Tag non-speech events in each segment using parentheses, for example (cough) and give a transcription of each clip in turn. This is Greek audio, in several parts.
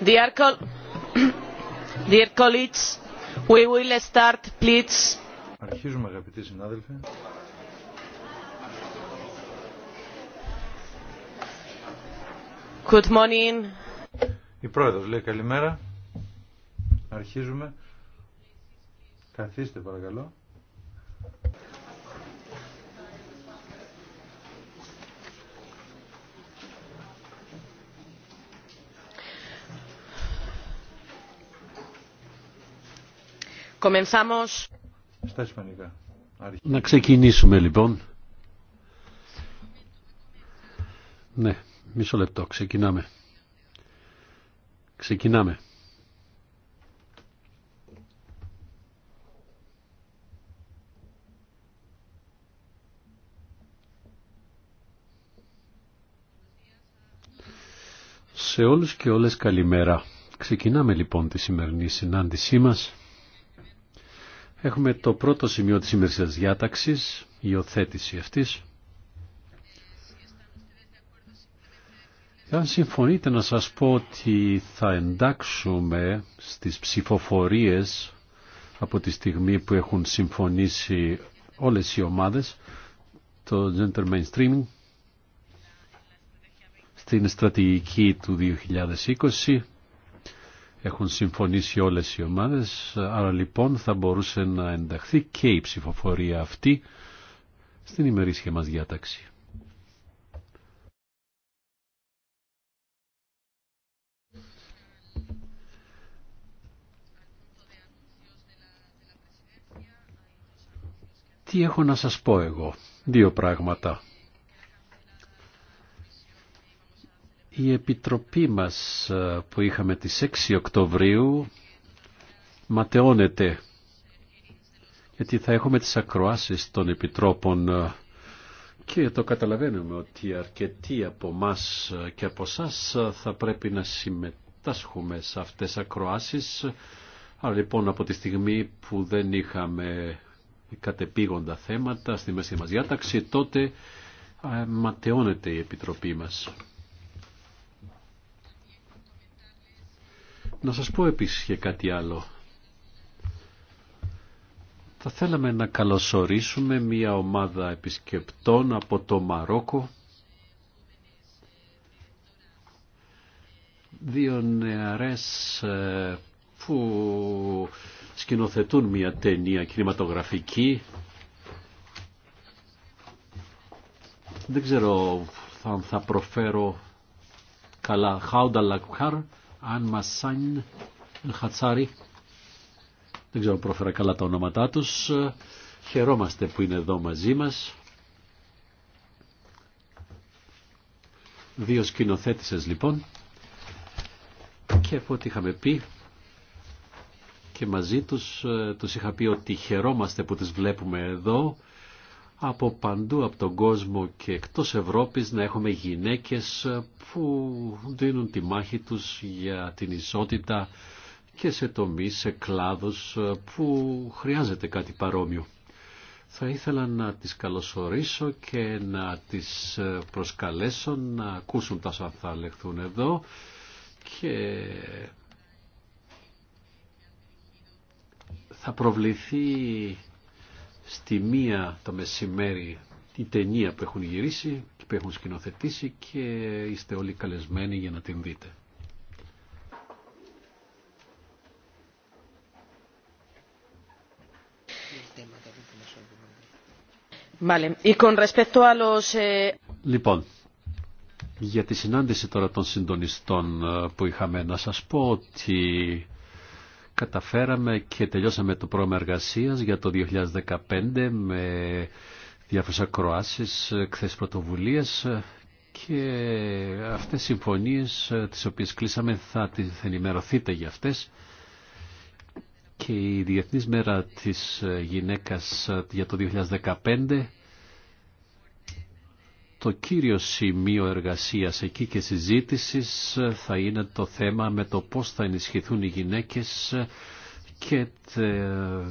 (coughs) Αρχίζουμε αγαπητοί συνάδελφοι. Good morning. Η πρόεδρος λέει καλημέρα. Αρχίζουμε. Καθίστε παρακαλώ. Comenzamos. Να ξεκινήσουμε λοιπόν. Ναι, μισό λεπτό. Ξεκινάμε. Ξεκινάμε. Σε όλους και όλες καλημέρα. Ξεκινάμε λοιπόν τη σημερινή συνάντησή μας. Έχουμε το πρώτο σημείο της ημερησίας διάταξης, η υιοθέτηση αυτής. Αν συμφωνείτε να σας πω ότι θα εντάξουμε στις ψηφοφορίες από τη στιγμή που έχουν συμφωνήσει όλες οι ομάδες το gender mainstreaming στην στρατηγική του 2020 έχουν συμφωνήσει όλες οι ομάδες, άρα λοιπόν θα μπορούσε να ενταχθεί και η ψηφοφορία αυτή στην ημερήσια μας διάταξη. Τι έχω να σας πω εγώ. Δύο πράγματα. Η Επιτροπή μας ε, που είχαμε τις 6 Οκτωβρίου ματαιώνεται γιατί θα έχουμε τις ακροάσεις των Επιτρόπων ε, και το καταλαβαίνουμε ότι αρκετοί από εμά και από εσά θα πρέπει να συμμετάσχουμε σε αυτές τις ακροάσεις. αλλά λοιπόν από τη στιγμή που δεν είχαμε κατεπήγοντα θέματα στη μέση μας διάταξη, τότε ε, ματαιώνεται η Επιτροπή μας. Να σας πω επίσης και κάτι άλλο. Θα θέλαμε να καλωσορίσουμε μία ομάδα επισκεπτών από το Μαρόκο. Δύο νεαρές ε, που σκηνοθετούν μία ταινία κινηματογραφική. Δεν ξέρω αν θα προφέρω καλά. Χάουνταλακουχάρ. Αν Μασάν Χατσάρι, δεν ξέρω αν πρόφερα καλά τα ονόματά τους, χαιρόμαστε που είναι εδώ μαζί μας. Δύο σκηνοθέτησες λοιπόν και από ό,τι είχαμε πει και μαζί τους ε, τους είχα πει ότι χαιρόμαστε που τις βλέπουμε εδώ από παντού από τον κόσμο και εκτός Ευρώπης να έχουμε γυναίκες που δίνουν τη μάχη τους για την ισότητα και σε τομείς, σε κλάδους που χρειάζεται κάτι παρόμοιο. Θα ήθελα να τις καλωσορίσω και να τις προσκαλέσω να ακούσουν τα σαν θα λεχθούν εδώ και θα προβληθεί στη μία το μεσημέρι η ταινία που έχουν γυρίσει και που έχουν σκηνοθετήσει και είστε όλοι καλεσμένοι για να την δείτε. Eh, λοιπόν, για τη συνάντηση τώρα των συντονιστών ε, που είχαμε να σας πω ότι καταφέραμε και τελειώσαμε το πρόγραμμα εργασίας για το 2015 με διάφορες ακροάσεις, χθες πρωτοβουλίες και αυτές οι συμφωνίες ε, τις οποίες κλείσαμε θα, θα ενημερωθείτε για αυτές και η Διεθνής Μέρα της Γυναίκας ε, για το 2015 το κύριο σημείο εργασίας εκεί και συζήτησης θα είναι το θέμα με το πώς θα ενισχυθούν οι γυναίκες και τα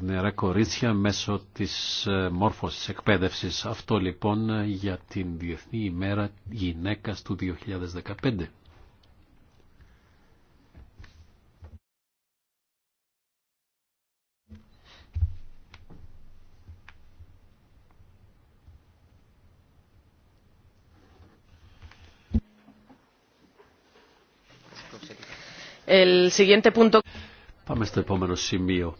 νερά κορίτσια μέσω της ε, μόρφωσης εκπαίδευσης. Αυτό λοιπόν για την Διεθνή ημέρα γυναίκας του 2015. Πάμε στο επόμενο σημείο.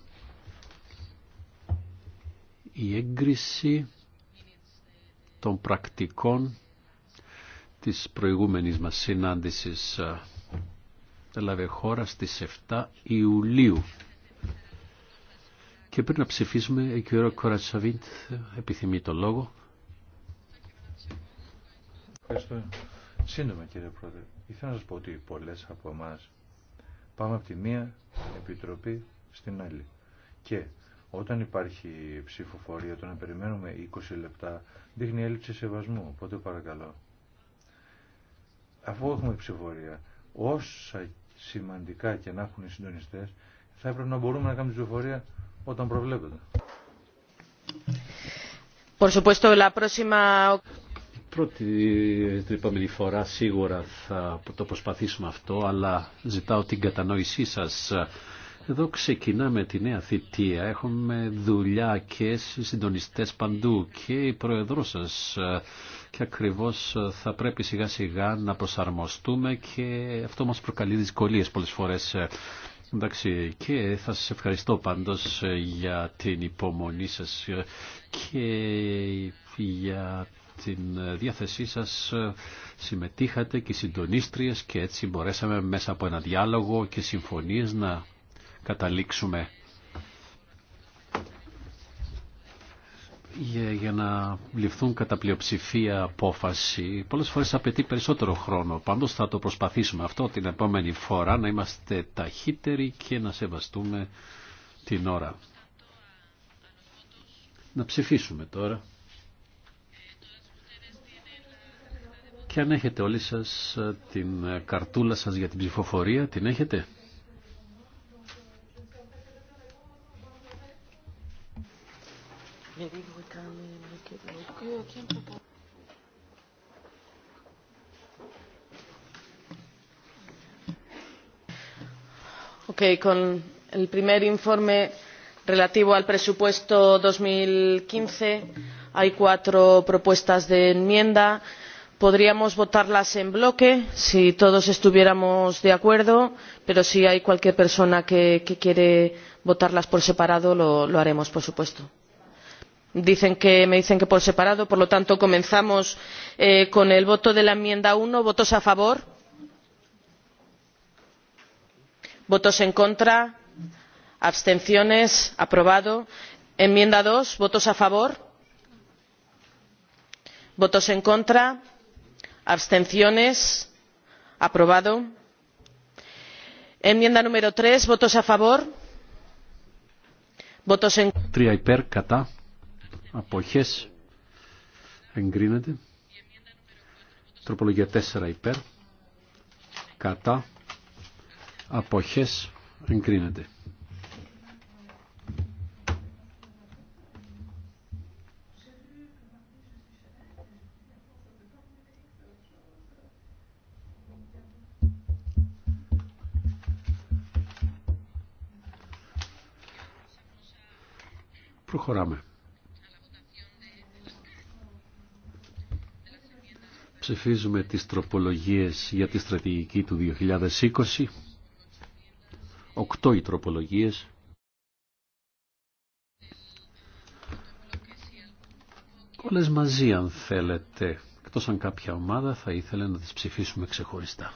Η έγκριση των πρακτικών της προηγούμενης μας συνάντησης ε, έλαβε χώρα στις 7 Ιουλίου. Και πριν να ψηφίσουμε, η κυρία Κορατσαβίντ επιθυμεί το λόγο. Ευχαριστώ. Σύντομα κύριε Πρόεδρε, ήθελα να σας πω ότι πολλές από εμάς Πάμε από τη μία επιτροπή στην άλλη. Και όταν υπάρχει ψηφοφορία, το να περιμένουμε 20 λεπτά, δείχνει έλλειψη σεβασμού. Οπότε παρακαλώ. Αφού έχουμε ψηφοφορία, όσα σημαντικά και να έχουν οι συντονιστέ, θα έπρεπε να μπορούμε να κάνουμε ψηφοφορία όταν προβλέπεται. Por supuesto, la próxima πρώτη, την φορά σίγουρα θα το προσπαθήσουμε αυτό, αλλά ζητάω την κατανόησή σας. Εδώ ξεκινάμε τη νέα θητεία. Έχουμε δουλειά και συντονιστές παντού και η πρόεδρός σας. Και ακριβώς θα πρέπει σιγά σιγά να προσαρμοστούμε και αυτό μας προκαλεί δυσκολίες πολλές φορές. Εντάξει, και θα σας ευχαριστώ πάντως για την υπομονή σας και για την ε, διάθεσή σας ε, συμμετείχατε και συντονίστριες και έτσι μπορέσαμε μέσα από ένα διάλογο και συμφωνίες να καταλήξουμε για, να ληφθούν κατά πλειοψηφία απόφαση. Πολλές φορές απαιτεί περισσότερο χρόνο. Πάντως θα το προσπαθήσουμε αυτό την επόμενη φορά να είμαστε ταχύτεροι και να σεβαστούμε την ώρα. Να ψηφίσουμε τώρα. Και αν έχετε όλοι σας την καρτούλα σας για την ψηφοφορία, την έχετε. Okay, con el primer informe relativo al presupuesto 2015 hay cuatro propuestas de enmienda podríamos votarlas en bloque si todos estuviéramos de acuerdo pero si hay cualquier persona que quiere votarlas por separado lo haremos por supuesto. me dicen que por separado por lo tanto comenzamos con el voto de la enmienda uno votos a favor votos en contra abstenciones aprobado enmienda dos votos a favor votos en contra abstenciones aprobado enmienda número 3 votos a favor votos en Τρία υπέρ κατά αποχές εγκρίνεται τροπολογία 4 υπέρ κατά αποχές εγκρίνεται Προχωράμε. Ψηφίζουμε τις τροπολογίες για τη στρατηγική του 2020. Οκτώ οι τροπολογίες. Όλες μαζί αν θέλετε. Εκτός αν κάποια ομάδα θα ήθελε να τις ψηφίσουμε ξεχωριστά.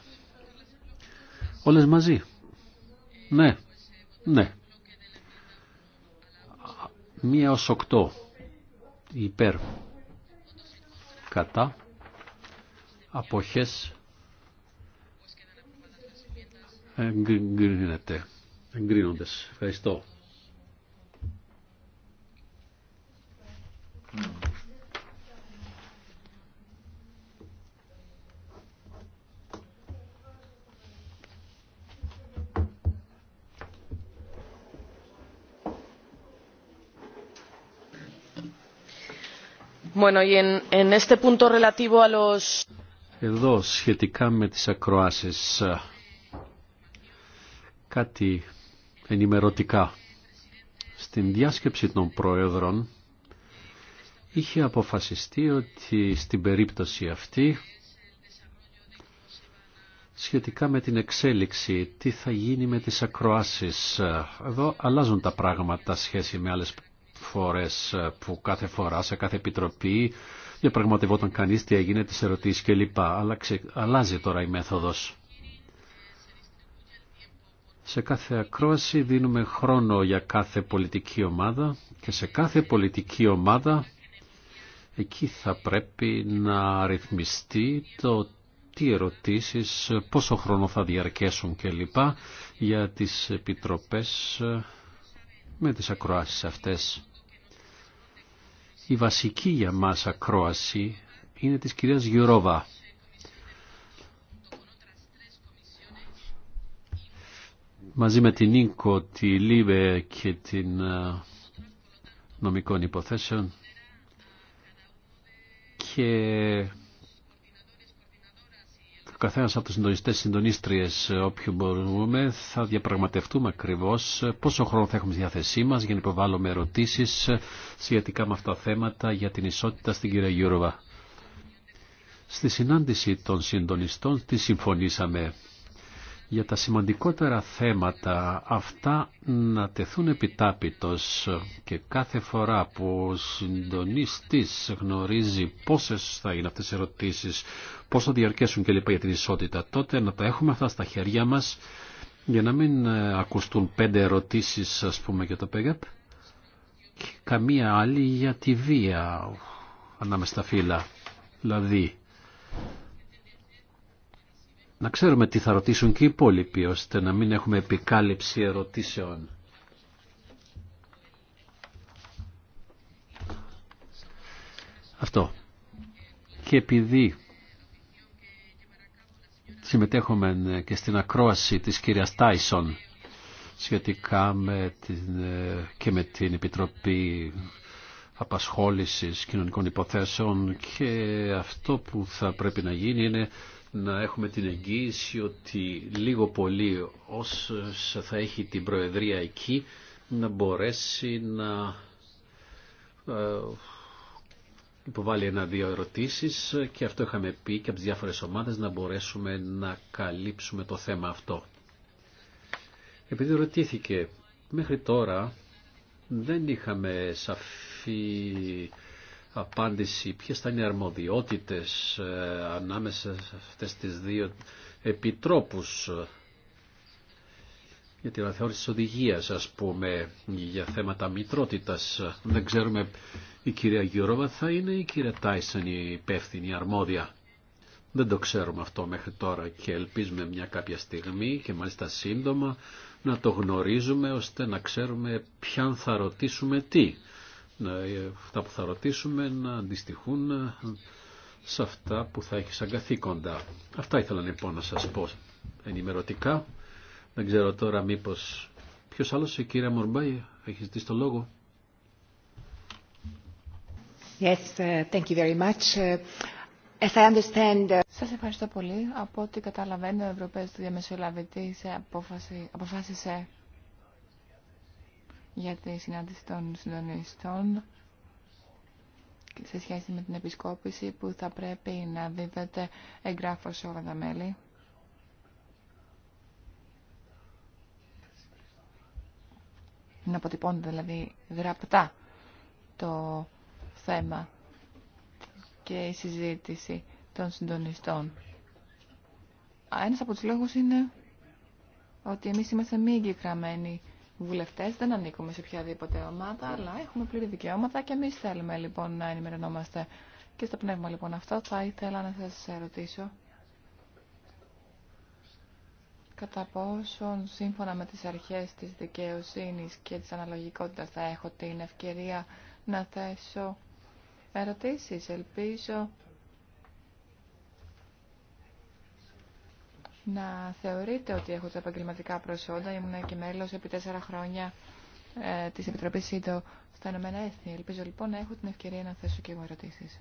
Όλες μαζί. Ναι. Ναι. Μία ως οκτώ. Υπέρ. Κατά. Αποχές. εγκρίνονται. Εγκρίνοντες. Ευχαριστώ. Εδώ σχετικά με τις ακροάσεις κάτι ενημερωτικά. Στην διάσκεψη των Προέδρων είχε αποφασιστεί ότι στην περίπτωση αυτή σχετικά με την εξέλιξη, τι θα γίνει με τις ακροάσεις. Εδώ αλλάζουν τα πράγματα σχέση με άλλες φορές ε, που κάθε φορά σε κάθε επιτροπή διαπραγματευόταν κανείς τι έγινε, τις ερωτήσεις κλπ. Αλλά ξε... αλλάζει τώρα η μέθοδος. Σε κάθε ακρόαση δίνουμε χρόνο για κάθε πολιτική ομάδα και σε κάθε πολιτική ομάδα εκεί θα πρέπει να ρυθμιστεί το τι ερωτήσεις, πόσο χρόνο θα διαρκέσουν κλπ. για τις επιτροπές ε, με τις ακροάσεις αυτές. Η βασική για μας ακρόαση είναι της κυρίας Γιουρόβα. Μαζί με την Ίνκο, τη Λίβε και την ε, νομικών υποθέσεων και καθένας από τους συντονιστές συντονίστριε, όποιου μπορούμε θα διαπραγματευτούμε ακριβώ πόσο χρόνο θα έχουμε στη διάθεσή μα για να υποβάλουμε ερωτήσει σχετικά με αυτά τα θέματα για την ισότητα στην κυρία Γιούροβα. Στη συνάντηση των συντονιστών τη συμφωνήσαμε για τα σημαντικότερα θέματα αυτά να τεθούν επιτάπητος και κάθε φορά που ο συντονίστης γνωρίζει πόσες θα είναι αυτές οι ερωτήσεις, πώς θα διαρκέσουν λοιπά για την ισότητα, τότε να τα έχουμε αυτά στα χέρια μας για να μην ε, ακουστούν πέντε ερωτήσεις ας πούμε για το ΠΕΓΑΠ και καμία άλλη για τη βία ανάμεσα στα φύλλα. Δηλαδή, να ξέρουμε τι θα ρωτήσουν και οι υπόλοιποι, ώστε να μην έχουμε επικάλυψη ερωτήσεων. Αυτό. Και επειδή συμμετέχουμε ε, και στην ακρόαση της κυρίας Τάισον σχετικά με την, ε, και με την Επιτροπή απασχόλησης κοινωνικών υποθέσεων και αυτό που θα πρέπει να γίνει είναι να έχουμε την εγγύηση ότι λίγο πολύ όσος θα έχει την Προεδρία εκεί να μπορέσει να ε, υποβάλει ένα-δύο ερωτήσεις και αυτό είχαμε πει και από τις διάφορες ομάδες να μπορέσουμε να καλύψουμε το θέμα αυτό. Επειδή ρωτήθηκε, μέχρι τώρα δεν είχαμε σαφή απάντηση ποιες θα είναι οι αρμοδιότητες ε, ανάμεσα σε αυτές τις δύο επιτρόπους για την αναθεώρηση της οδηγίας, ας πούμε, για θέματα μητρότητας. Δεν ξέρουμε η κυρία Γιώροβα θα είναι ή η κυρία Τάισον η υπεύθυνη, η υπευθυνη αρμοδια Δεν το ξέρουμε αυτό μέχρι τώρα και ελπίζουμε μια κάποια στιγμή και μάλιστα σύντομα να το γνωρίζουμε ώστε να ξέρουμε ποιαν θα ρωτήσουμε τι. Ε, αυτά που θα ρωτήσουμε να αντιστοιχούν ε, σε αυτά που θα έχει σαν καθήκοντα. Αυτά ήθελα λοιπόν να σας πω ενημερωτικά. Δεν ξέρω τώρα μήπως... Ποιος άλλος, η κυρία Μορμπάη, έχει ζητήσει το λόγο. Yes, uh, thank you very much. Uh, as I understand... Uh, σας ευχαριστώ πολύ. Από ό,τι καταλαβαίνω, ο Ευρωπαίος Διαμεσολαβητής ε, αποφάσισε για τη συνάντηση των συντονιστών σε σχέση με την επισκόπηση που θα πρέπει να δίδεται εγγράφω σε όλα τα μέλη. Να αποτυπώνεται δηλαδή γραπτά το θέμα και η συζήτηση των συντονιστών. Ένας από τους λόγους είναι ότι εμείς είμαστε μη εγγεγραμμένοι Βουλευτέ, δεν ανήκουμε σε οποιαδήποτε ομάδα, αλλά έχουμε πλήρη δικαιώματα και εμεί θέλουμε λοιπόν να ενημερωνόμαστε. Και στο πνεύμα λοιπόν αυτό θα ήθελα να σα ερωτήσω κατά πόσον σύμφωνα με τις αρχές της δικαιοσύνης και της αναλογικότητας θα έχω την ευκαιρία να θέσω ερωτήσεις. Ελπίζω να θεωρείτε ότι έχω τα επαγγελματικά προσόντα. Ήμουν και μέλος επί τέσσερα χρόνια ε, της Επιτροπής ΣΥΤΟ στα Ηνωμένα Έθνη. Ελπίζω λοιπόν να έχω την ευκαιρία να θέσω και εγώ ερωτήσεις.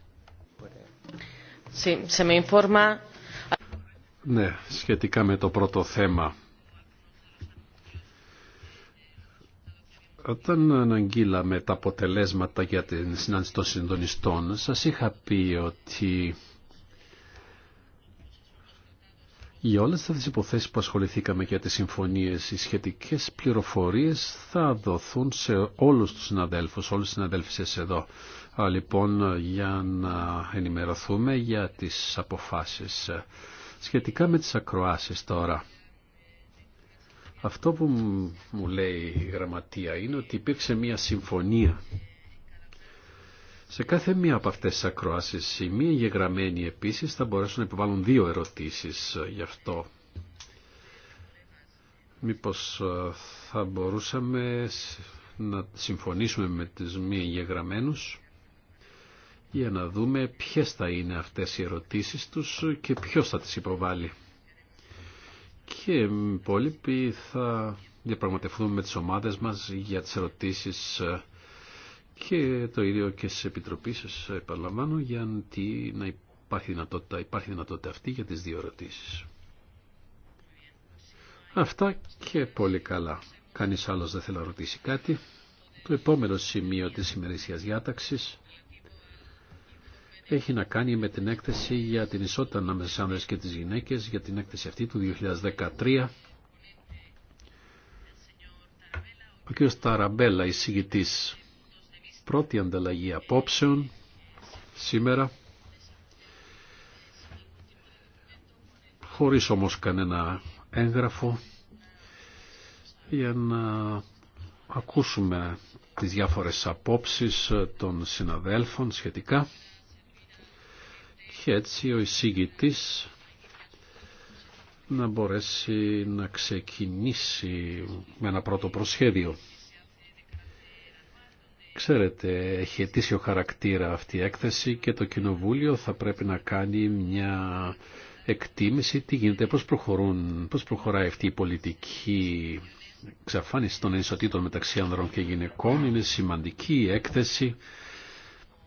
Ναι, σχετικά με το πρώτο θέμα. Όταν αναγγείλαμε τα αποτελέσματα για την συνάντηση των συντονιστών, σας είχα πει ότι Για όλες αυτές τις υποθέσεις που ασχοληθήκαμε για τις συμφωνίες, οι σχετικές πληροφορίες θα δοθούν σε όλους τους συναδέλφους, όλους τις συναδέλφισες εδώ. λοιπόν, για να ενημερωθούμε για τις αποφάσεις. Σχετικά με τις ακροάσεις τώρα. Αυτό που μου λέει η γραμματεία είναι ότι υπήρξε μια συμφωνία σε κάθε μία από αυτές τις ακροάσεις οι μη εγγεγραμμένοι επίσης θα μπορέσουν να επιβάλλουν δύο ερωτήσεις ε, γι' αυτό. Μήπως ε, θα μπορούσαμε να συμφωνήσουμε με τις μη εγγεγραμμένους για να δούμε ποιες θα είναι αυτές οι ερωτήσεις τους και ποιος θα τις υποβάλει. Και οι υπόλοιποι θα διαπραγματευτούμε με τις ομάδες μας για τις ερωτήσεις ε, και το ίδιο και στις επιτροπές σα επαναλαμβάνω για να υπάρχει δυνατότητα, υπάρχει δυνατότητα αυτή για τις δύο ερωτήσει. Αυτά και πολύ καλά. Κανείς άλλος δεν θέλει να ρωτήσει κάτι. Το επόμενο σημείο της ημερησίας διάταξης έχει να κάνει με την έκθεση για την ισότητα ανάμεσα στους άνδρες και τις γυναίκες για την έκθεση αυτή του 2013. Ο κ. Ταραμπέλα, εισηγητής πρώτη ανταλλαγή απόψεων σήμερα χωρίς όμως κανένα έγγραφο για να ακούσουμε τις διάφορες απόψεις των συναδέλφων σχετικά και έτσι ο εισήγητης να μπορέσει να ξεκινήσει με ένα πρώτο προσχέδιο. Ξέρετε, έχει αιτήσιο χαρακτήρα αυτή η έκθεση και το Κοινοβούλιο θα πρέπει να κάνει μια εκτίμηση τι γίνεται, πώς, προχωρούν, πώς προχωράει αυτή η πολιτική εξαφάνιση των ενισοτήτων μεταξύ ανδρών και γυναικών. Είναι σημαντική η έκθεση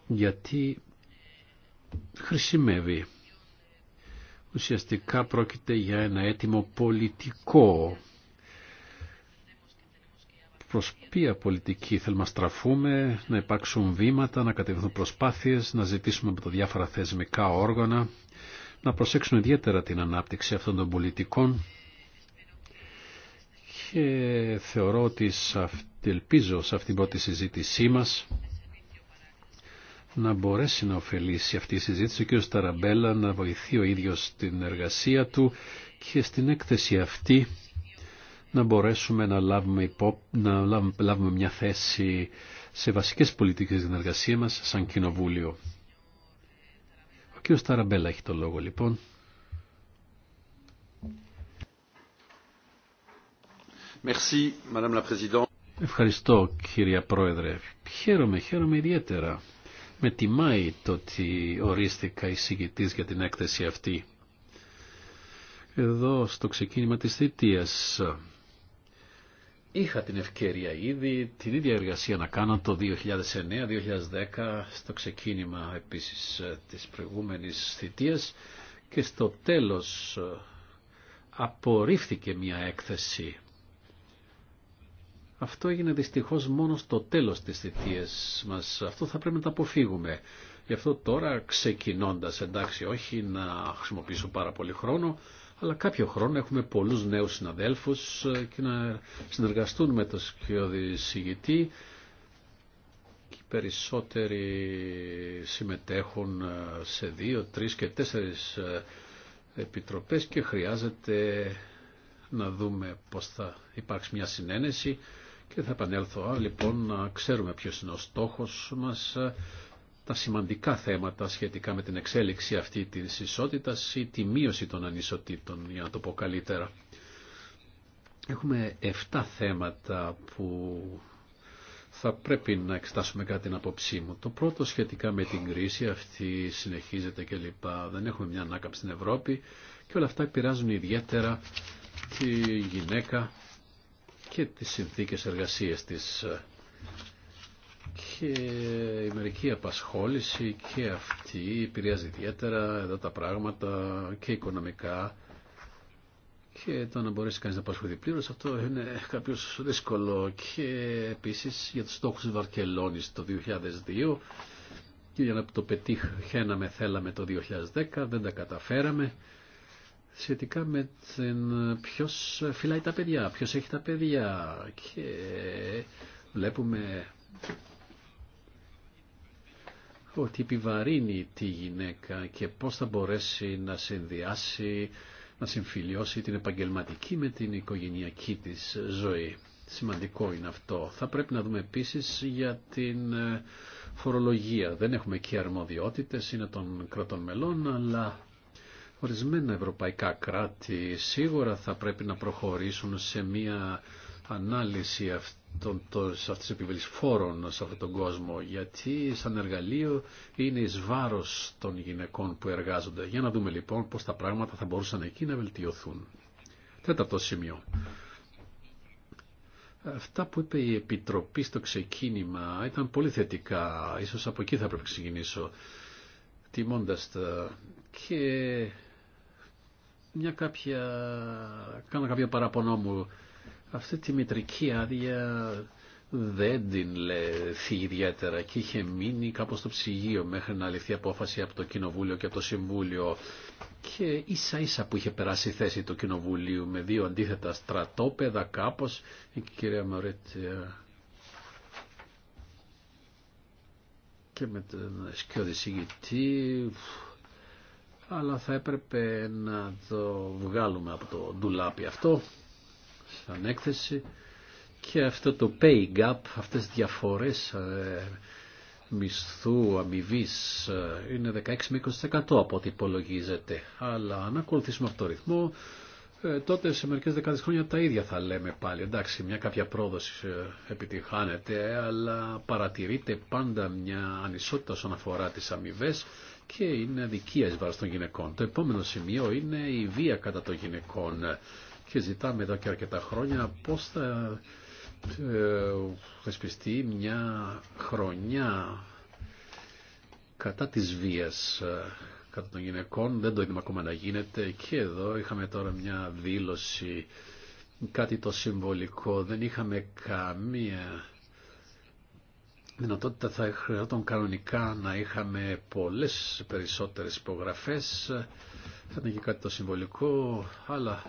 γιατί χρησιμεύει. Ουσιαστικά πρόκειται για ένα έτοιμο πολιτικό προς ποια πολιτική θέλουμε να στραφούμε, να υπάρξουν βήματα, να κατευθυνθούν προσπάθειες, να ζητήσουμε από τα διάφορα θεσμικά όργανα, να προσέξουν ιδιαίτερα την ανάπτυξη αυτών των πολιτικών και θεωρώ ότι ελπίζω σε αυτήν την πρώτη συζήτησή μας να μπορέσει να ωφελήσει αυτή η συζήτηση ο Σταραμπέλα να βοηθεί ο ίδιος στην εργασία του και στην έκθεση αυτή να μπορέσουμε να λάβουμε, να λάβουμε μια θέση σε βασικές πολιτικές στην εργασία μας σαν κοινοβούλιο. Ο κύριος Ταραμπέλα έχει το λόγο λοιπόν. Ευχαριστώ κύριε Πρόεδρε. Χαίρομαι, χαίρομαι ιδιαίτερα. Με τιμάει το ότι ορίστηκα εισηγητής για την έκθεση αυτή. Εδώ στο ξεκίνημα της θητείας Είχα την ευκαιρία ήδη την ίδια εργασία να κάνω το 2009-2010 στο ξεκίνημα επίσης ε, της προηγούμενης θητείας και στο τέλος ε, απορρίφθηκε μια έκθεση. Αυτό έγινε δυστυχώς μόνο στο τέλος της θητείας μας. Αυτό θα πρέπει να το αποφύγουμε. Γι' αυτό τώρα ξεκινώντας, εντάξει όχι να χρησιμοποιήσω πάρα πολύ χρόνο, αλλά κάποιο χρόνο έχουμε πολλούς νέους συναδέλφους ε, και να συνεργαστούν με το σκιώδη συγητή και οι περισσότεροι συμμετέχουν ε, σε δύο, τρεις και τέσσερις ε, επιτροπές και χρειάζεται να δούμε πώς θα υπάρξει μια συνένεση και θα επανέλθω λοιπόν να ξέρουμε ποιος είναι ο στόχος μας τα σημαντικά θέματα σχετικά με την εξέλιξη αυτή της ισότητας ή τη μείωση των ανισοτήτων, για να το πω καλύτερα. Έχουμε 7 θέματα που θα πρέπει να εξτάσουμε κάτι την απόψή μου. Το πρώτο σχετικά με την κρίση, αυτή συνεχίζεται λοιπά, Δεν έχουμε μια ανάκαμψη στην Ευρώπη και όλα αυτά επηρεάζουν ιδιαίτερα τη γυναίκα και τις συνθήκες εργασίας της και η μερική απασχόληση και αυτή επηρεάζει ιδιαίτερα εδώ τα πράγματα και οικονομικά και το να μπορέσει κανείς να απασχοληθεί πλήρω, αυτό είναι κάποιος δύσκολο και επίσης για τους στόχους της Βαρκελόνης το 2002 και για να το πετύχαμε θέλαμε το 2010 δεν τα καταφέραμε σχετικά με την ποιος φυλάει τα παιδιά, ποιος έχει τα παιδιά και βλέπουμε ότι επιβαρύνει τη γυναίκα και πώς θα μπορέσει να συνδυάσει, να συμφιλιώσει την επαγγελματική με την οικογενειακή της ζωή. Σημαντικό είναι αυτό. Θα πρέπει να δούμε επίσης για την ε, φορολογία. Δεν έχουμε και αρμοδιότητες, είναι των κρατών μελών, αλλά ορισμένα ευρωπαϊκά κράτη σίγουρα θα πρέπει να προχωρήσουν σε μία ανάλυση αυτή σε αυτής της φόρων σε αυτόν τον κόσμο, γιατί σαν εργαλείο είναι εις βάρος των γυναικών που εργάζονται. Για να δούμε λοιπόν πώς τα πράγματα θα μπορούσαν εκεί να βελτιωθούν. Τέταρτο σημείο. Αυτά που είπε η Επιτροπή στο ξεκίνημα ήταν πολύ θετικά. Ίσως από εκεί θα πρέπει να ξεκινήσω. Τιμώντας τα και μια κάποια... κάνω κάποια παραπονό αυτή τη μητρική άδεια δεν την λεθεί ιδιαίτερα και είχε μείνει κάπως στο ψυγείο μέχρι να ληφθεί απόφαση από το Κοινοβούλιο και από το Συμβούλιο και ίσα ίσα που είχε περάσει θέση το Κοινοβουλίου με δύο αντίθετα στρατόπεδα κάπως η κυρία Μωρέτ ε, και με τον σκιώδη συγητή αλλά θα έπρεπε να το βγάλουμε από το ντουλάπι αυτό στην και αυτό το pay gap, αυτές τις διαφορές ε, μισθού αμοιβή ε, είναι 16 με 20% από ό,τι υπολογίζεται. Αλλά αν ακολουθήσουμε αυτό το ρυθμό, ε, τότε σε μερικές δεκάδες χρόνια τα ίδια θα λέμε πάλι. Εντάξει, μια κάποια πρόοδος επιτυχάνεται, αλλά παρατηρείται πάντα μια ανισότητα όσον αφορά τις αμοιβέ και είναι αδικία εις βάρος των γυναικών. Το επόμενο σημείο είναι η βία κατά των γυναικών και ζητάμε εδώ και αρκετά χρόνια πώς θα ε, θεσπιστεί μια χρονιά κατά της βίας ε, κατά των γυναικών. Δεν το είδαμε ακόμα να γίνεται και εδώ είχαμε τώρα μια δήλωση κάτι το συμβολικό. Δεν είχαμε καμία δυνατότητα θα χρειαζόταν κανονικά να είχαμε πολλές περισσότερες υπογραφές. Θα ήταν και κάτι το συμβολικό, αλλά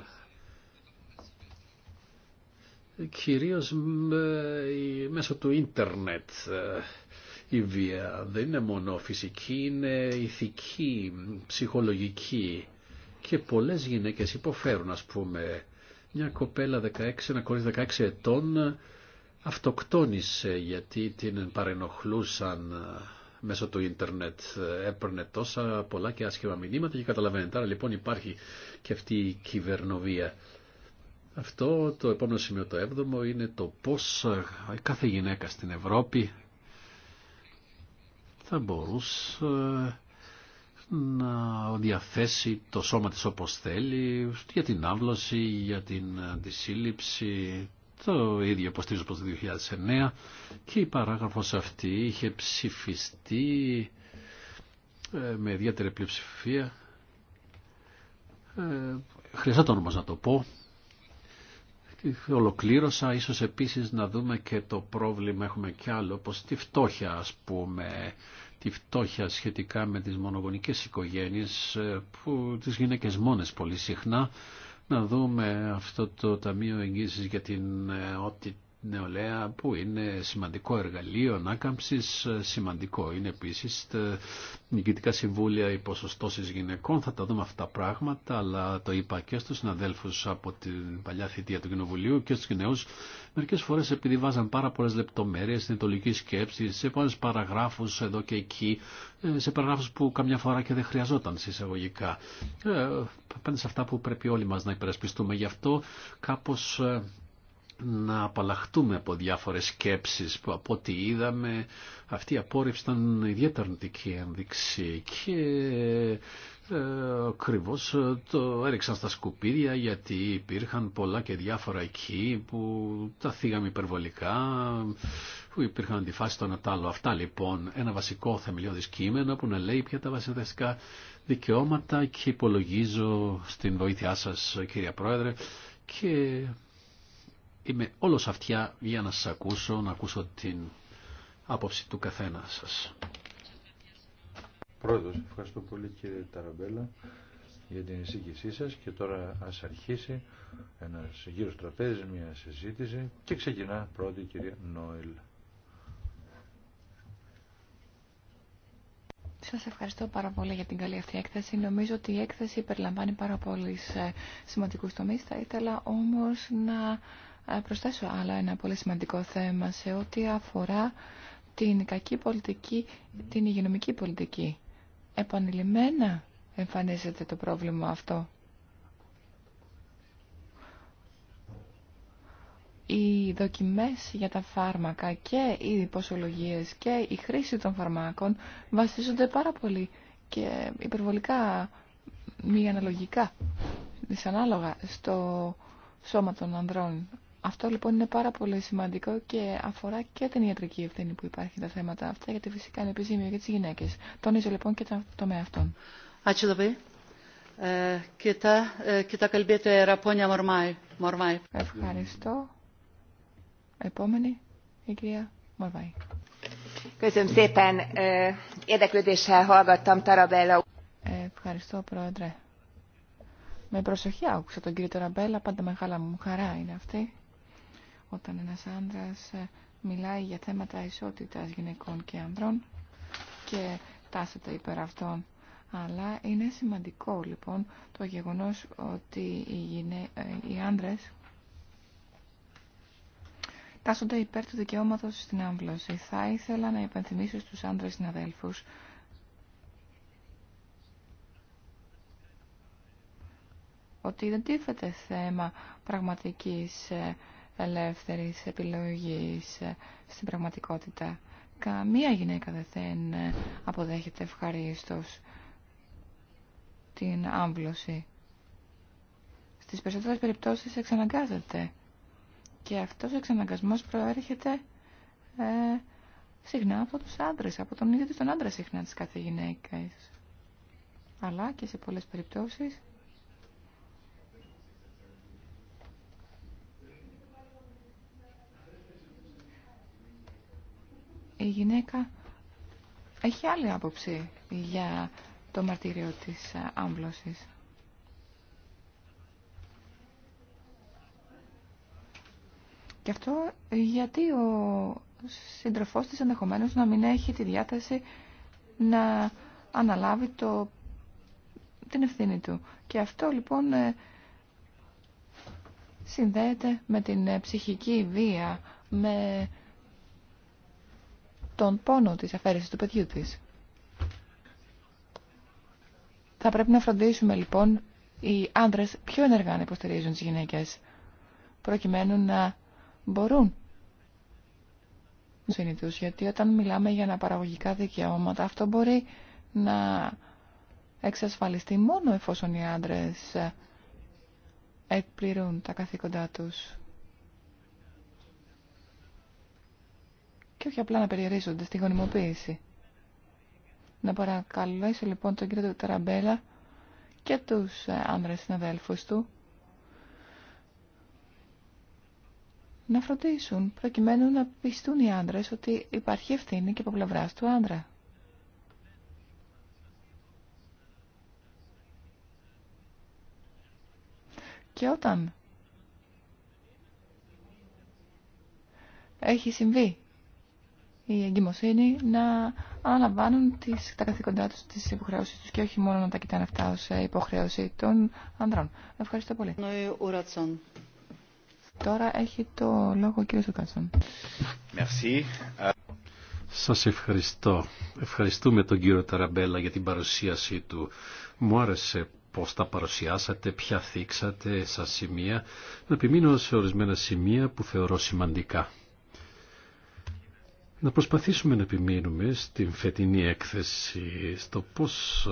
κυρίως ε, μέσω του ίντερνετ ε, η βία. Δεν είναι μόνο φυσική, είναι ηθική, ψυχολογική και πολλές γυναίκες υποφέρουν ας πούμε. Μια κοπέλα 16, ένα κορίτσι 16 ετών ε, αυτοκτόνησε γιατί την παρενοχλούσαν μέσω του ίντερνετ. Έπαιρνε τόσα πολλά και άσχημα μηνύματα και καταλαβαίνετε. Άρα λοιπόν υπάρχει και αυτή η κυβερνοβία. Αυτό το επόμενο σημείο το έβδομο είναι το πώς ε, κάθε γυναίκα στην Ευρώπη θα μπορούσε ε, να διαθέσει το σώμα της όπως θέλει για την άβλωση, για την αντισύλληψη, το ίδιο υποστήριζω προς το 2009 και η παράγραφος αυτή είχε ψηφιστεί ε, με ιδιαίτερη πλειοψηφία. Ε, χρειαζόταν όμως να το πω ολοκλήρωσα. Ίσως επίσης να δούμε και το πρόβλημα, έχουμε κι άλλο, πως τη φτώχεια ας πούμε, τη φτώχεια σχετικά με τις μονογονικές οικογένειες, ε, που τις γυναίκες μόνες πολύ συχνά, να δούμε αυτό το Ταμείο Εγγύησης για την ε, ότι νεολαία που είναι σημαντικό εργαλείο ανάκαμψης, σημαντικό είναι επίσης τα νικητικά συμβούλια, οι ποσοστώσεις γυναικών, θα τα δούμε αυτά τα πράγματα, αλλά το είπα και στους συναδέλφους από την παλιά θητεία του Κοινοβουλίου και στους νέου, μερικές φορές επειδή βάζαν πάρα πολλές λεπτομέρειες στην ετολική σκέψη, σε πολλέ παραγράφους εδώ και εκεί, ε, σε παραγράφους που καμιά φορά και δεν χρειαζόταν συσσαγωγικά. Ε, σε αυτά που πρέπει όλοι μας να υπερασπιστούμε. Γι' αυτό κάπως ε, να απαλλαχτούμε από διάφορες σκέψεις που από ό,τι είδαμε αυτή η απόρριψη ήταν ιδιαίτερα νοτική ένδειξη και ε, ακριβώ το έριξαν στα σκουπίδια γιατί υπήρχαν πολλά και διάφορα εκεί που τα θίγαμε υπερβολικά, που υπήρχαν αντιφάσει των ατάλλων. Αυτά λοιπόν ένα βασικό θεμελιώδης κείμενο που να λέει ποια τα βασιλευτικά δικαιώματα και υπολογίζω στην βοήθειά σας κυρία Πρόεδρε και είμαι όλος αυτιά για να σας ακούσω, να ακούσω την άποψη του καθένα σας. Πρόεδρος, ευχαριστώ πολύ κύριε Ταραμπέλα για την εισήγησή σας και τώρα ας αρχίσει ένας γύρος τραπέζι, μια συζήτηση και ξεκινά πρώτη η κυρία Νόελ. Σας ευχαριστώ πάρα πολύ για την καλή αυτή έκθεση. Νομίζω ότι η έκθεση περιλαμβάνει πάρα πολλούς ε, σημαντικούς τομείς. Θα ήθελα όμως να προσθέσω άλλο ένα πολύ σημαντικό θέμα σε ό,τι αφορά την κακή πολιτική, την υγειονομική πολιτική. Επανειλημμένα εμφανίζεται το πρόβλημα αυτό. Οι δοκιμές για τα φάρμακα και οι υποσολογίες και η χρήση των φαρμάκων βασίζονται πάρα πολύ και υπερβολικά μη αναλογικά, δυσανάλογα στο σώμα των ανδρών. Αυτό λοιπόν είναι πάρα πολύ σημαντικό και αφορά και την ιατρική ευθύνη που υπάρχει τα θέματα αυτά, γιατί φυσικά είναι επιζήμιο για τι γυναίκε. Τονίζω λοιπόν και το τομέα αυτόν. Ε, ε, Ευχαριστώ. Επόμενη, η κυρία Μορβάη. Ε, Ευχαριστώ, Πρόεδρε. Με προσοχή άκουσα τον κύριο Τραμπέλα, πάντα μεγάλα μου χαρά είναι αυτή. Όταν ένας άντρας ε, μιλάει για θέματα ισότητας γυναικών και ανδρών και τάσεται υπέρ αυτών. Αλλά είναι σημαντικό λοιπόν το γεγονός ότι οι, γυναί... Ε, οι άντρες τάσσονται υπέρ του δικαιώματος στην άμβλωση. Θα ήθελα να υπενθυμίσω στους άντρες συναδέλφους ότι δεν τίθεται θέμα πραγματικής ε, ελεύθερης επιλογής στην πραγματικότητα. Καμία γυναίκα δεν αποδέχεται ευχαρίστως την άμβλωση. Στις περισσότερες περιπτώσεις εξαναγκάζεται. Και αυτός ο εξαναγκασμός προέρχεται ε, συχνά από τους άντρες, από τον ίδιο τον άντρα συχνά της κάθε γυναίκας. Αλλά και σε πολλές περιπτώσεις η γυναίκα έχει άλλη άποψη για το μαρτύριο της ε, άμβλωσης. Και αυτό γιατί ο σύντροφός της ενδεχομένως να μην έχει τη διάθεση να αναλάβει το, την ευθύνη του. Και αυτό λοιπόν ε, συνδέεται με την ε, ψυχική βία, με τον πόνο της αφαίρεσης του παιδιού της. Θα πρέπει να φροντίσουμε λοιπόν οι άντρες πιο ενεργά να υποστηρίζουν τις γυναίκες, προκειμένου να μπορούν συνήθως, γιατί όταν μιλάμε για αναπαραγωγικά δικαιώματα, αυτό μπορεί να εξασφαλιστεί μόνο εφόσον οι άντρες ε, εκπληρούν τα καθήκοντά τους. και όχι απλά να περιορίζονται στη γονιμοποίηση. Να παρακαλέσω λοιπόν τον κύριο Ταραμπέλα και τους ε, άνδρες συναδέλφους του να φροντίσουν προκειμένου να πιστούν οι άνδρες ότι υπάρχει ευθύνη και από πλευρά του άνδρα. Και όταν έχει συμβεί η εγκυμοσύνη να αναλαμβάνουν τις, τα καθήκοντά τους, τις υποχρεώσεις τους και όχι μόνο να τα κοιτάνε αυτά ως ε, υποχρέωση των ανδρών. Ευχαριστώ πολύ. Τώρα έχει το λόγο ο κύριος Ουκάτσον. Σας ευχαριστώ. Ευχαριστούμε τον κύριο Ταραμπέλα για την παρουσίασή του. Μου άρεσε πώς τα παρουσιάσατε, ποια θίξατε σαν σημεία. Να επιμείνω σε ορισμένα σημεία που θεωρώ σημαντικά να προσπαθήσουμε να επιμείνουμε στην φετινή έκθεση στο πώς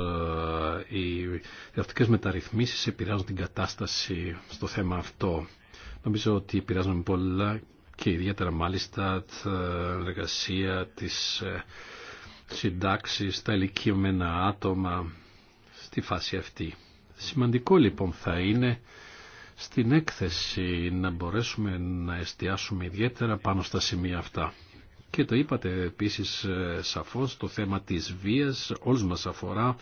ε, οι διδακτικές μεταρρυθμίσεις επηρεάζουν την κατάσταση στο θέμα αυτό. Νομίζω ότι επηρεάζουν πολλά και ιδιαίτερα μάλιστα τα εργασία της ε, συντάξει, τα ηλικιωμένα άτομα στη φάση αυτή. Σημαντικό λοιπόν θα είναι στην έκθεση να μπορέσουμε να εστιάσουμε ιδιαίτερα πάνω στα σημεία αυτά και το είπατε επίσης ε, σαφώς το θέμα της βίας όλους μας αφορά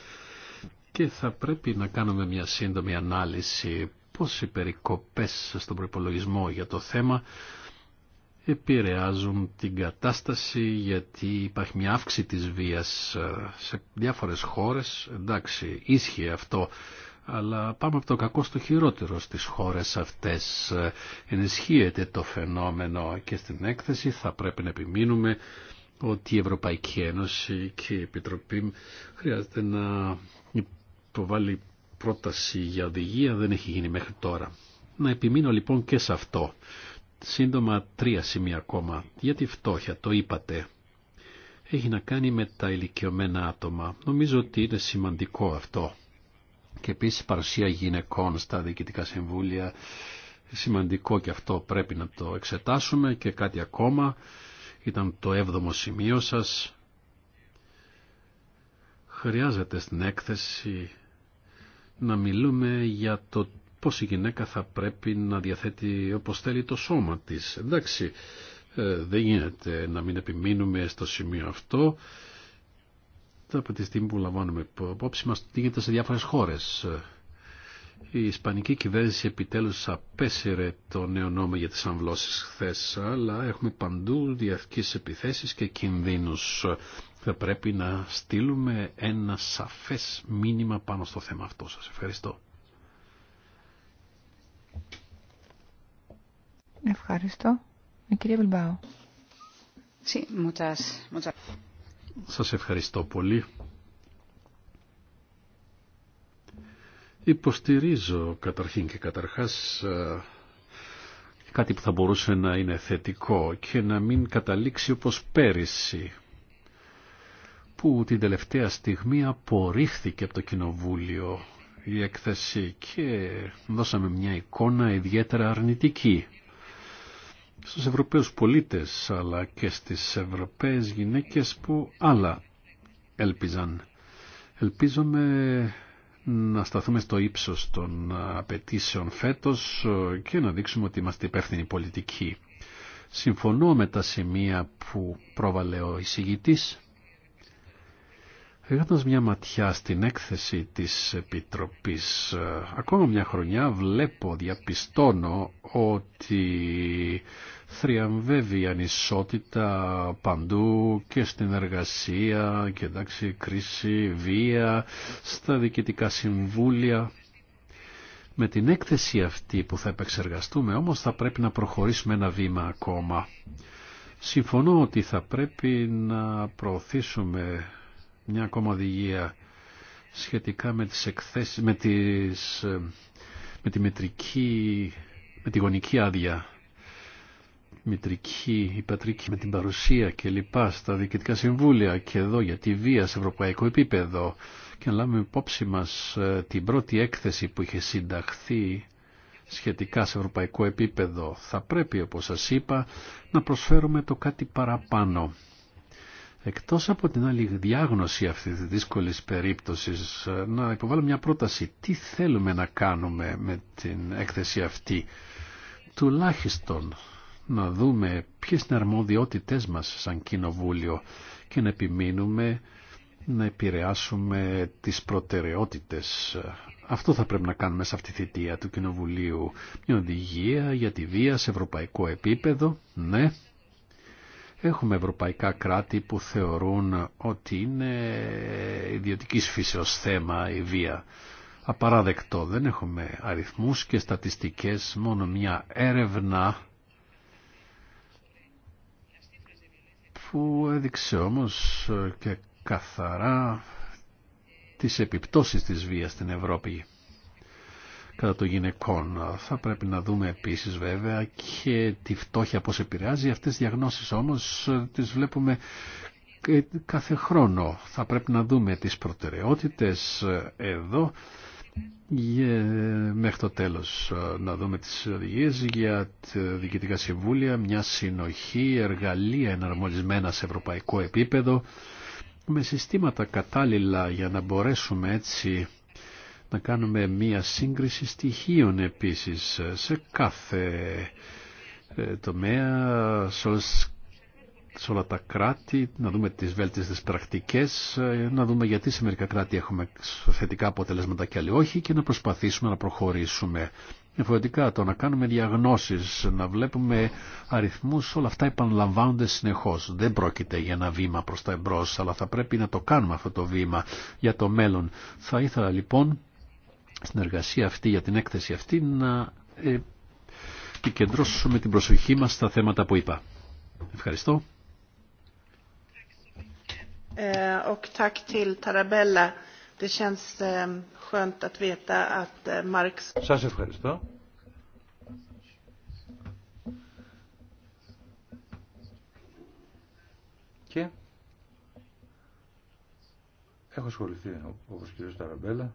και θα πρέπει να κάνουμε μια σύντομη ανάλυση πώς οι περικοπές στον προπολογισμό για το θέμα επηρεάζουν την κατάσταση γιατί υπάρχει μια αύξηση της βίας ε, σε διάφορες χώρες. Εντάξει, ίσχυε αυτό αλλά πάμε από το κακό στο χειρότερο στις χώρες αυτές. Ενισχύεται το φαινόμενο και στην έκθεση θα πρέπει να επιμείνουμε ότι η Ευρωπαϊκή Ένωση και η Επιτροπή χρειάζεται να υποβάλει πρόταση για οδηγία, δεν έχει γίνει μέχρι τώρα. Να επιμείνω λοιπόν και σε αυτό. Σύντομα τρία σημεία ακόμα. Για τη φτώχεια, το είπατε. Έχει να κάνει με τα ηλικιωμένα άτομα. Νομίζω ότι είναι σημαντικό αυτό και επίσης παρουσία γυναικών στα διοικητικά συμβούλια. Σημαντικό και αυτό πρέπει να το εξετάσουμε και κάτι ακόμα. Ήταν το έβδομο σημείο σας. Χρειάζεται στην έκθεση να μιλούμε για το πώς η γυναίκα θα πρέπει να διαθέτει όπως θέλει το σώμα της. Εντάξει, ε, δεν γίνεται να μην επιμείνουμε στο σημείο αυτό από τη στιγμή που λαμβάνουμε απόψη μας τι γίνεται σε διάφορες χώρες. Η Ισπανική κυβέρνηση επιτέλους απέσυρε το νέο νόμο για τις αμβλώσεις χθε, αλλά έχουμε παντού διαρκείς επιθέσεις και κινδύνους. Θα πρέπει να στείλουμε ένα σαφές μήνυμα πάνω στο θέμα αυτό. Σας ευχαριστώ. Ευχαριστώ. Η κυρία Sí, muchas, muchas. Σας ευχαριστώ πολύ. Υποστηρίζω καταρχήν και καταρχάς ε, κάτι που θα μπορούσε να είναι θετικό και να μην καταλήξει όπως πέρυσι που την τελευταία στιγμή απορρίφθηκε από το Κοινοβούλιο η έκθεση και δώσαμε μια εικόνα ιδιαίτερα αρνητική στους Ευρωπαίους πολίτες αλλά και στις Ευρωπαίες γυναίκες που άλλα έλπιζαν. Ελπίζομαι να σταθούμε στο ύψος των απαιτήσεων φέτος και να δείξουμε ότι είμαστε υπεύθυνοι πολιτικοί. Συμφωνώ με τα σημεία που πρόβαλε ο εισηγητής Ρίχνοντας μια ματιά στην έκθεση της Επιτροπής, ε, ακόμα μια χρονιά βλέπω, διαπιστώνω ότι θριαμβεύει η ανισότητα παντού και στην εργασία και εντάξει κρίση, βία, στα διοικητικά συμβούλια. Με την έκθεση αυτή που θα επεξεργαστούμε όμως θα πρέπει να προχωρήσουμε ένα βήμα ακόμα. Συμφωνώ ότι θα πρέπει να προωθήσουμε μια ακόμα οδηγία σχετικά με τις εκθέσεις, με, τις, ε, με τη μετρική, με τη γονική άδεια, μητρική, υπατρική, με την παρουσία και λοιπά στα διοικητικά συμβούλια και εδώ για τη βία σε ευρωπαϊκό επίπεδο και να λάβουμε υπόψη μας ε, την πρώτη έκθεση που είχε συνταχθεί σχετικά σε ευρωπαϊκό επίπεδο θα πρέπει όπως σας είπα να προσφέρουμε το κάτι παραπάνω Εκτός από την άλλη διάγνωση αυτής της δύσκολης περίπτωσης, ε, να υποβάλω μια πρόταση. Τι θέλουμε να κάνουμε με την έκθεση αυτή. Τουλάχιστον να δούμε ποιες είναι αρμοδιότητές μας σαν κοινοβούλιο και να επιμείνουμε να επηρεάσουμε τις προτεραιότητες. Αυτό θα πρέπει να κάνουμε σε αυτή τη θητεία του Κοινοβουλίου. Μια οδηγία για τη βία σε ευρωπαϊκό επίπεδο, ναι, Έχουμε ευρωπαϊκά κράτη που θεωρούν ότι είναι ιδιωτικής φύσεως θέμα η βία. Απαράδεκτο. Δεν έχουμε αριθμούς και στατιστικές, μόνο μια έρευνα που έδειξε όμως και καθαρά τις επιπτώσεις της βίας στην Ευρώπη κατά των γυναικών. Θα πρέπει να δούμε επίσης βέβαια και τη φτώχεια πώς επηρεάζει. Αυτές τις διαγνώσεις όμως τις βλέπουμε κάθε χρόνο. Θα πρέπει να δούμε τις προτεραιότητες εδώ μέχρι το τέλος να δούμε τις οδηγίες για τα διοικητικά συμβούλια, μια συνοχή, εργαλεία εναρμονισμένα σε ευρωπαϊκό επίπεδο με συστήματα κατάλληλα για να μπορέσουμε έτσι να κάνουμε μία σύγκριση στοιχείων επίσης σε κάθε ε, τομέα, σε, όλα τα κράτη, να δούμε τις βέλτιστες πρακτικές, ε, να δούμε γιατί σε μερικά κράτη έχουμε θετικά αποτελέσματα και άλλοι όχι και να προσπαθήσουμε να προχωρήσουμε. Εφορετικά το να κάνουμε διαγνώσεις, να βλέπουμε αριθμούς, όλα αυτά επαναλαμβάνονται συνεχώς. Δεν πρόκειται για ένα βήμα προς τα εμπρός, αλλά θα πρέπει να το κάνουμε αυτό το βήμα για το μέλλον. Θα ήθελα λοιπόν στην εργασία αυτή, για την έκθεση αυτή, να ε, επικεντρώσουμε την προσοχή μας στα θέματα που είπα. Ευχαριστώ. Och Σας ευχαριστώ. Και έχω ασχοληθεί όπως ο κ. Ταραμπέλα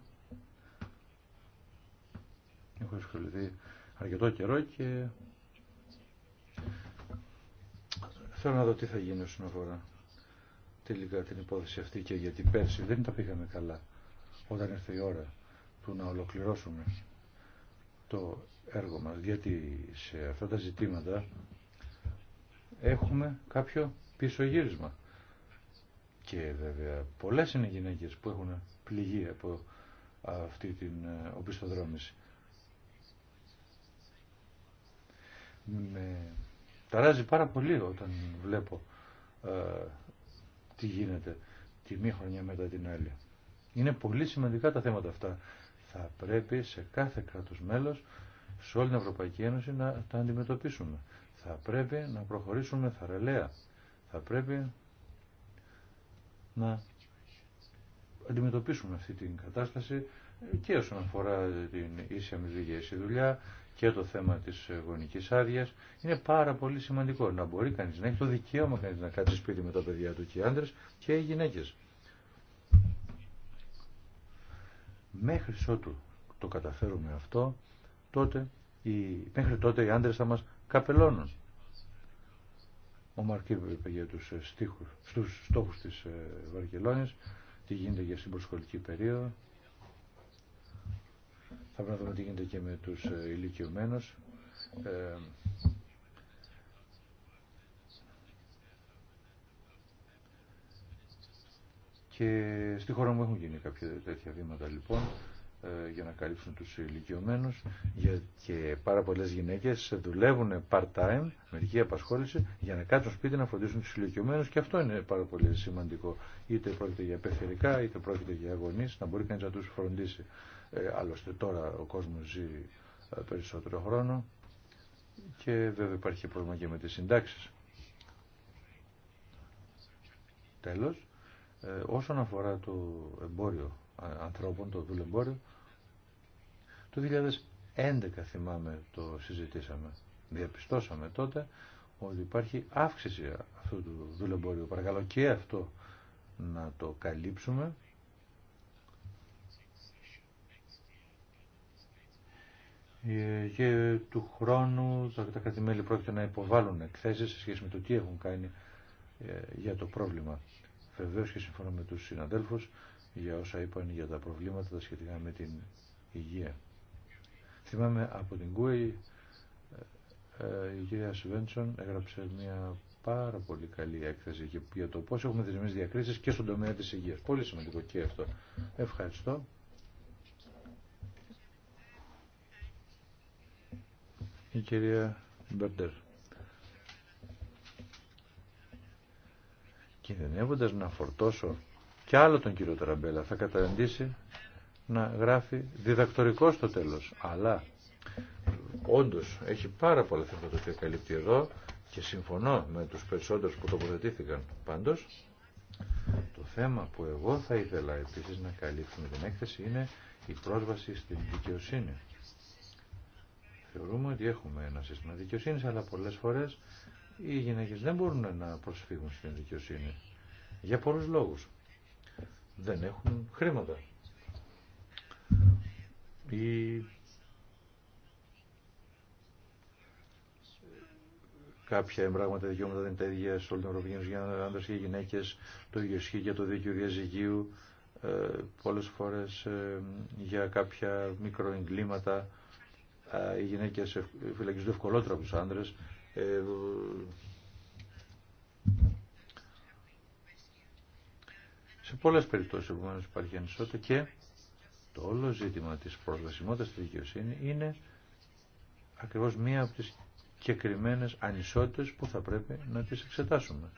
έχω ασχοληθεί αρκετό καιρό και θέλω να δω τι θα γίνει όσον αφορά τελικά την υπόθεση αυτή και γιατί πέρσι δεν τα πήγαμε καλά όταν ήρθε η ώρα του να ολοκληρώσουμε το έργο μας γιατί σε αυτά τα ζητήματα έχουμε κάποιο πίσω γύρισμα και βέβαια πολλές είναι γυναίκες που έχουν πληγεί από αυτή την ε, οπισθοδρόμηση με ναι. ταράζει πάρα πολύ όταν βλέπω ε, τι γίνεται τη μία χρονιά μετά την άλλη. Είναι πολύ σημαντικά τα θέματα αυτά. Θα πρέπει σε κάθε κράτος μέλος, σε όλη την Ευρωπαϊκή Ένωση να τα αντιμετωπίσουμε. Θα πρέπει να προχωρήσουμε θαραλέα. Θα πρέπει να αντιμετωπίσουμε αυτή την κατάσταση και όσον αφορά την ίσια αμοιβή για δουλειά και το θέμα της γονικής άδεια. Είναι πάρα πολύ σημαντικό να μπορεί κανείς να έχει το δικαίωμα κανείς να κάτσει σπίτι με τα παιδιά του και οι άντρε και οι γυναίκες. Μέχρι ότου το καταφέρουμε αυτό, τότε οι, μέχρι τότε οι άντρε θα μα καπελώνουν. Ο Μαρκίρ είπε για του ε, στόχου τη στόχους της ε, τι γίνεται για στην προσχολική περίοδο, θα πρέπει να δούμε τι γίνεται και με τους ε, ηλικιωμένους. Ε, και στη χώρα μου έχουν γίνει κάποια τέτοια βήματα λοιπόν ε, για να καλύψουν τους ηλικιωμένου και πάρα πολλές γυναίκες δουλεύουν part-time, μερική απασχόληση, για να κάτσουν σπίτι να φροντίσουν τους ηλικιωμένους. και αυτό είναι πάρα πολύ σημαντικό. Είτε πρόκειται για πεθερικά, είτε πρόκειται για αγωνίες, να μπορεί κανείς να τους φροντίσει. Ε, άλλωστε τώρα ο κόσμος ζει ε, περισσότερο χρόνο και βέβαια υπάρχει πρόβλημα και με τις συντάξεις. Τέλος, ε, όσον αφορά το εμπόριο ανθρώπων, το δουλεμπόριο, το 2011 θυμάμαι το συζητήσαμε. Διαπιστώσαμε τότε ότι υπάρχει αύξηση αυτού του δουλεμπόριου. Παρακαλώ και αυτό να το καλύψουμε και του χρόνου τα, τα πρόκειται να υποβάλουν εκθέσεις σε σχέση με το τι έχουν κάνει ε, για το πρόβλημα. Βεβαίω και συμφωνώ με τους συναδέλφους για όσα είπαν για τα προβλήματα τα σχετικά με την υγεία. Θυμάμαι από την ΚΟΕ ε, ε, η κυρία Σβέντσον έγραψε μια πάρα πολύ καλή έκθεση για το πώς έχουμε δεσμευτεί διακρίσεις και στον τομέα της υγείας. Πολύ σημαντικό και αυτό. Ευχαριστώ. η κυρία Μπερντερ. Κινδυνεύοντας να φορτώσω και άλλο τον κύριο Τραμπέλα θα καταντήσει να γράφει διδακτορικό στο τέλος. Αλλά όντως έχει πάρα πολλά θέματα που καλύπτει εδώ και συμφωνώ με τους περισσότερους που τοποθετήθηκαν πάντως. Το θέμα που εγώ θα ήθελα επίσης να καλύψουμε την έκθεση είναι η πρόσβαση στην δικαιοσύνη. Θεωρούμε ότι έχουμε ένα σύστημα δικαιοσύνη, αλλά πολλές φορές οι γυναίκες δεν μπορούν να προσφύγουν στην δικαιοσύνη. Για πολλούς λόγους. Δεν έχουν χρήματα. Ή κάποια πράγματα δικαιώματα δεν είναι τα ίδια σε όλη την Ευρωπαϊκή Ένωση για άντρε και γυναίκε. Το ίδιο ισχύει για το δίκαιο διαζυγίου. Ε, Πολλέ φορέ ε, για κάποια μικροεγκλήματα οι γυναίκε φυλακίζονται ευκολότερα από τους άντρες. Ε, σε πολλές περιπτώσεις επομένως υπάρχει ανισότητα και το όλο ζήτημα της προσβασιμότητας στη δικαιοσύνη είναι ακριβώς μία από τις κεκριμένες ανισότητες που θα πρέπει να τις εξετάσουμε.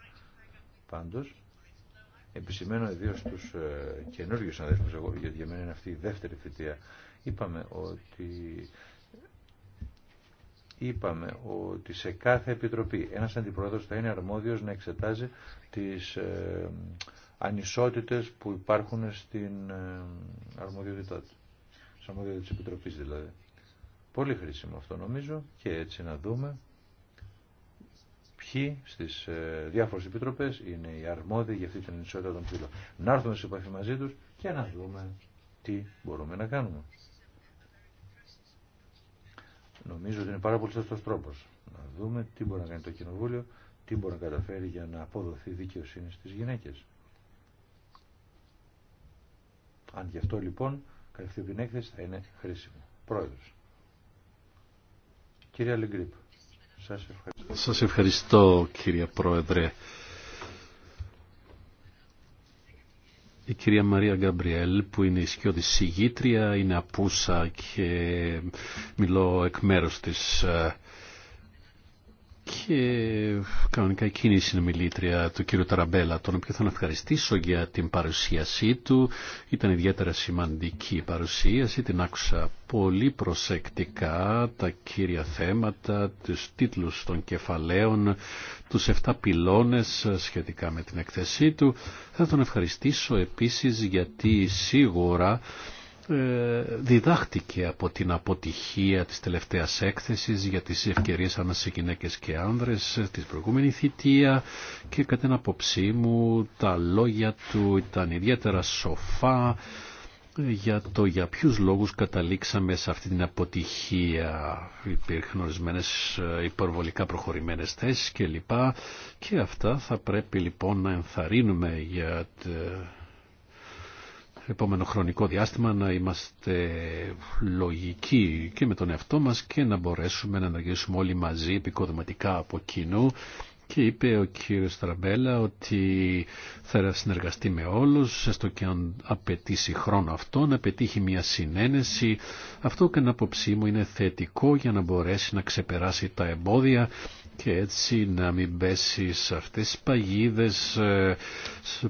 Πάντως, επισημένω ιδίω τους ε, καινούριου συναδέλφους, γιατί για μένα είναι αυτή η δεύτερη θητεία, είπαμε ότι είπαμε ότι σε κάθε επιτροπή ένας αντιπρόεδρος θα είναι αρμόδιος να εξετάζει τις ε, ανισότητες που υπάρχουν στην ε, αρμοδιότητά του. Στην αρμοδιότητα της επιτροπής δηλαδή. Πολύ χρήσιμο αυτό νομίζω και έτσι να δούμε ποιοι στις ε, διάφορες επιτροπές είναι οι αρμόδιοι για αυτή την ανισότητα των φύλων. Να έρθουμε σε επαφή μαζί τους και να δούμε τι μπορούμε να κάνουμε. Νομίζω ότι είναι πάρα πολύ σωστό τρόπο να δούμε τι μπορεί να κάνει το Κοινοβούλιο, τι μπορεί να καταφέρει για να αποδοθεί δικαιοσύνη στι γυναίκε. Αν γι' αυτό λοιπόν καλυφθεί την έκθεση θα είναι χρήσιμο. Πρόεδρος. Κυρία Αλεγκρίπ. σας ευχαριστώ. Σας ευχαριστώ κύριε Πρόεδρε. η κυρία Μαρία Γκαμπριέλ που είναι ισχυώδη συγγήτρια, είναι απούσα και μιλώ εκ μέρους της. Ε, και κανονικά εκείνη η συνομιλήτρια του κύριου Ταραμπέλα, τον οποίο θα ευχαριστήσω για την παρουσίασή του. Ήταν ιδιαίτερα σημαντική η παρουσίαση, την άκουσα πολύ προσεκτικά τα κύρια θέματα, τους τίτλους των κεφαλαίων, τους 7 πυλώνες σχετικά με την εκθεσή του. Θα τον ευχαριστήσω επίσης γιατί σίγουρα ε, διδάχτηκε από την αποτυχία της τελευταίας έκθεσης για τις ευκαιρίες ανάμεσα σε γυναίκες και άνδρες ε, της προηγούμενη θητεία και κατά την απόψή μου τα λόγια του ήταν ιδιαίτερα σοφά ε, για το για ποιους λόγους καταλήξαμε σε αυτή την αποτυχία. Υπήρχαν ορισμένε υπερβολικά προχωρημένες θέσεις και λοιπά και αυτά θα πρέπει λοιπόν να ενθαρρύνουμε για επόμενο χρονικό διάστημα να είμαστε λογικοί και με τον εαυτό μας και να μπορέσουμε να ενεργήσουμε όλοι μαζί επικοδοματικά από κοινού και είπε ο κύριος Τραμπέλα ότι θα συνεργαστεί με όλους, έστω και αν απαιτήσει χρόνο αυτό, να πετύχει μια συνένεση. Αυτό και απόψή μου είναι θετικό για να μπορέσει να ξεπεράσει τα εμπόδια και έτσι να μην πέσει σε αυτές τις παγίδες, ε,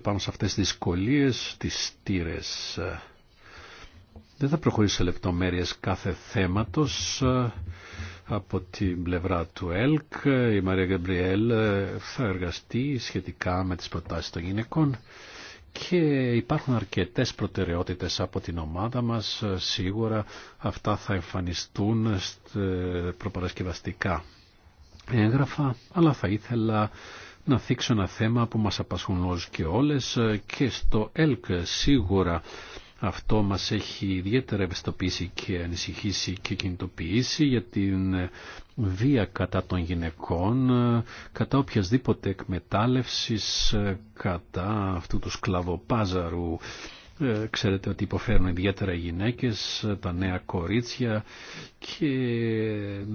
πάνω σε αυτές τις δυσκολίες, τις στήρες. Ε, δεν θα προχωρήσω σε λεπτομέρειες κάθε θέματος ε, από την πλευρά του ΕΛΚ. Η Μαρία Γκαμπριέλ θα εργαστεί σχετικά με τις προτάσεις των γυναικών και υπάρχουν αρκετές προτεραιότητες από την ομάδα μας. Σίγουρα αυτά θα εμφανιστούν προπαρασκευαστικά αλλά θα ήθελα να θίξω ένα θέμα που μας απασχολούν και όλες ε, και στο ΕΛΚ σίγουρα αυτό μας έχει ιδιαίτερα ευαισθητοποιήσει και ανησυχήσει και κινητοποιήσει για την ε, βία κατά των γυναικών, ε, κατά οποιασδήποτε εκμετάλλευσης, κατά αυτού του σκλαβοπάζαρου ε, ξέρετε ότι υποφέρουν ιδιαίτερα οι γυναίκες, τα νέα κορίτσια και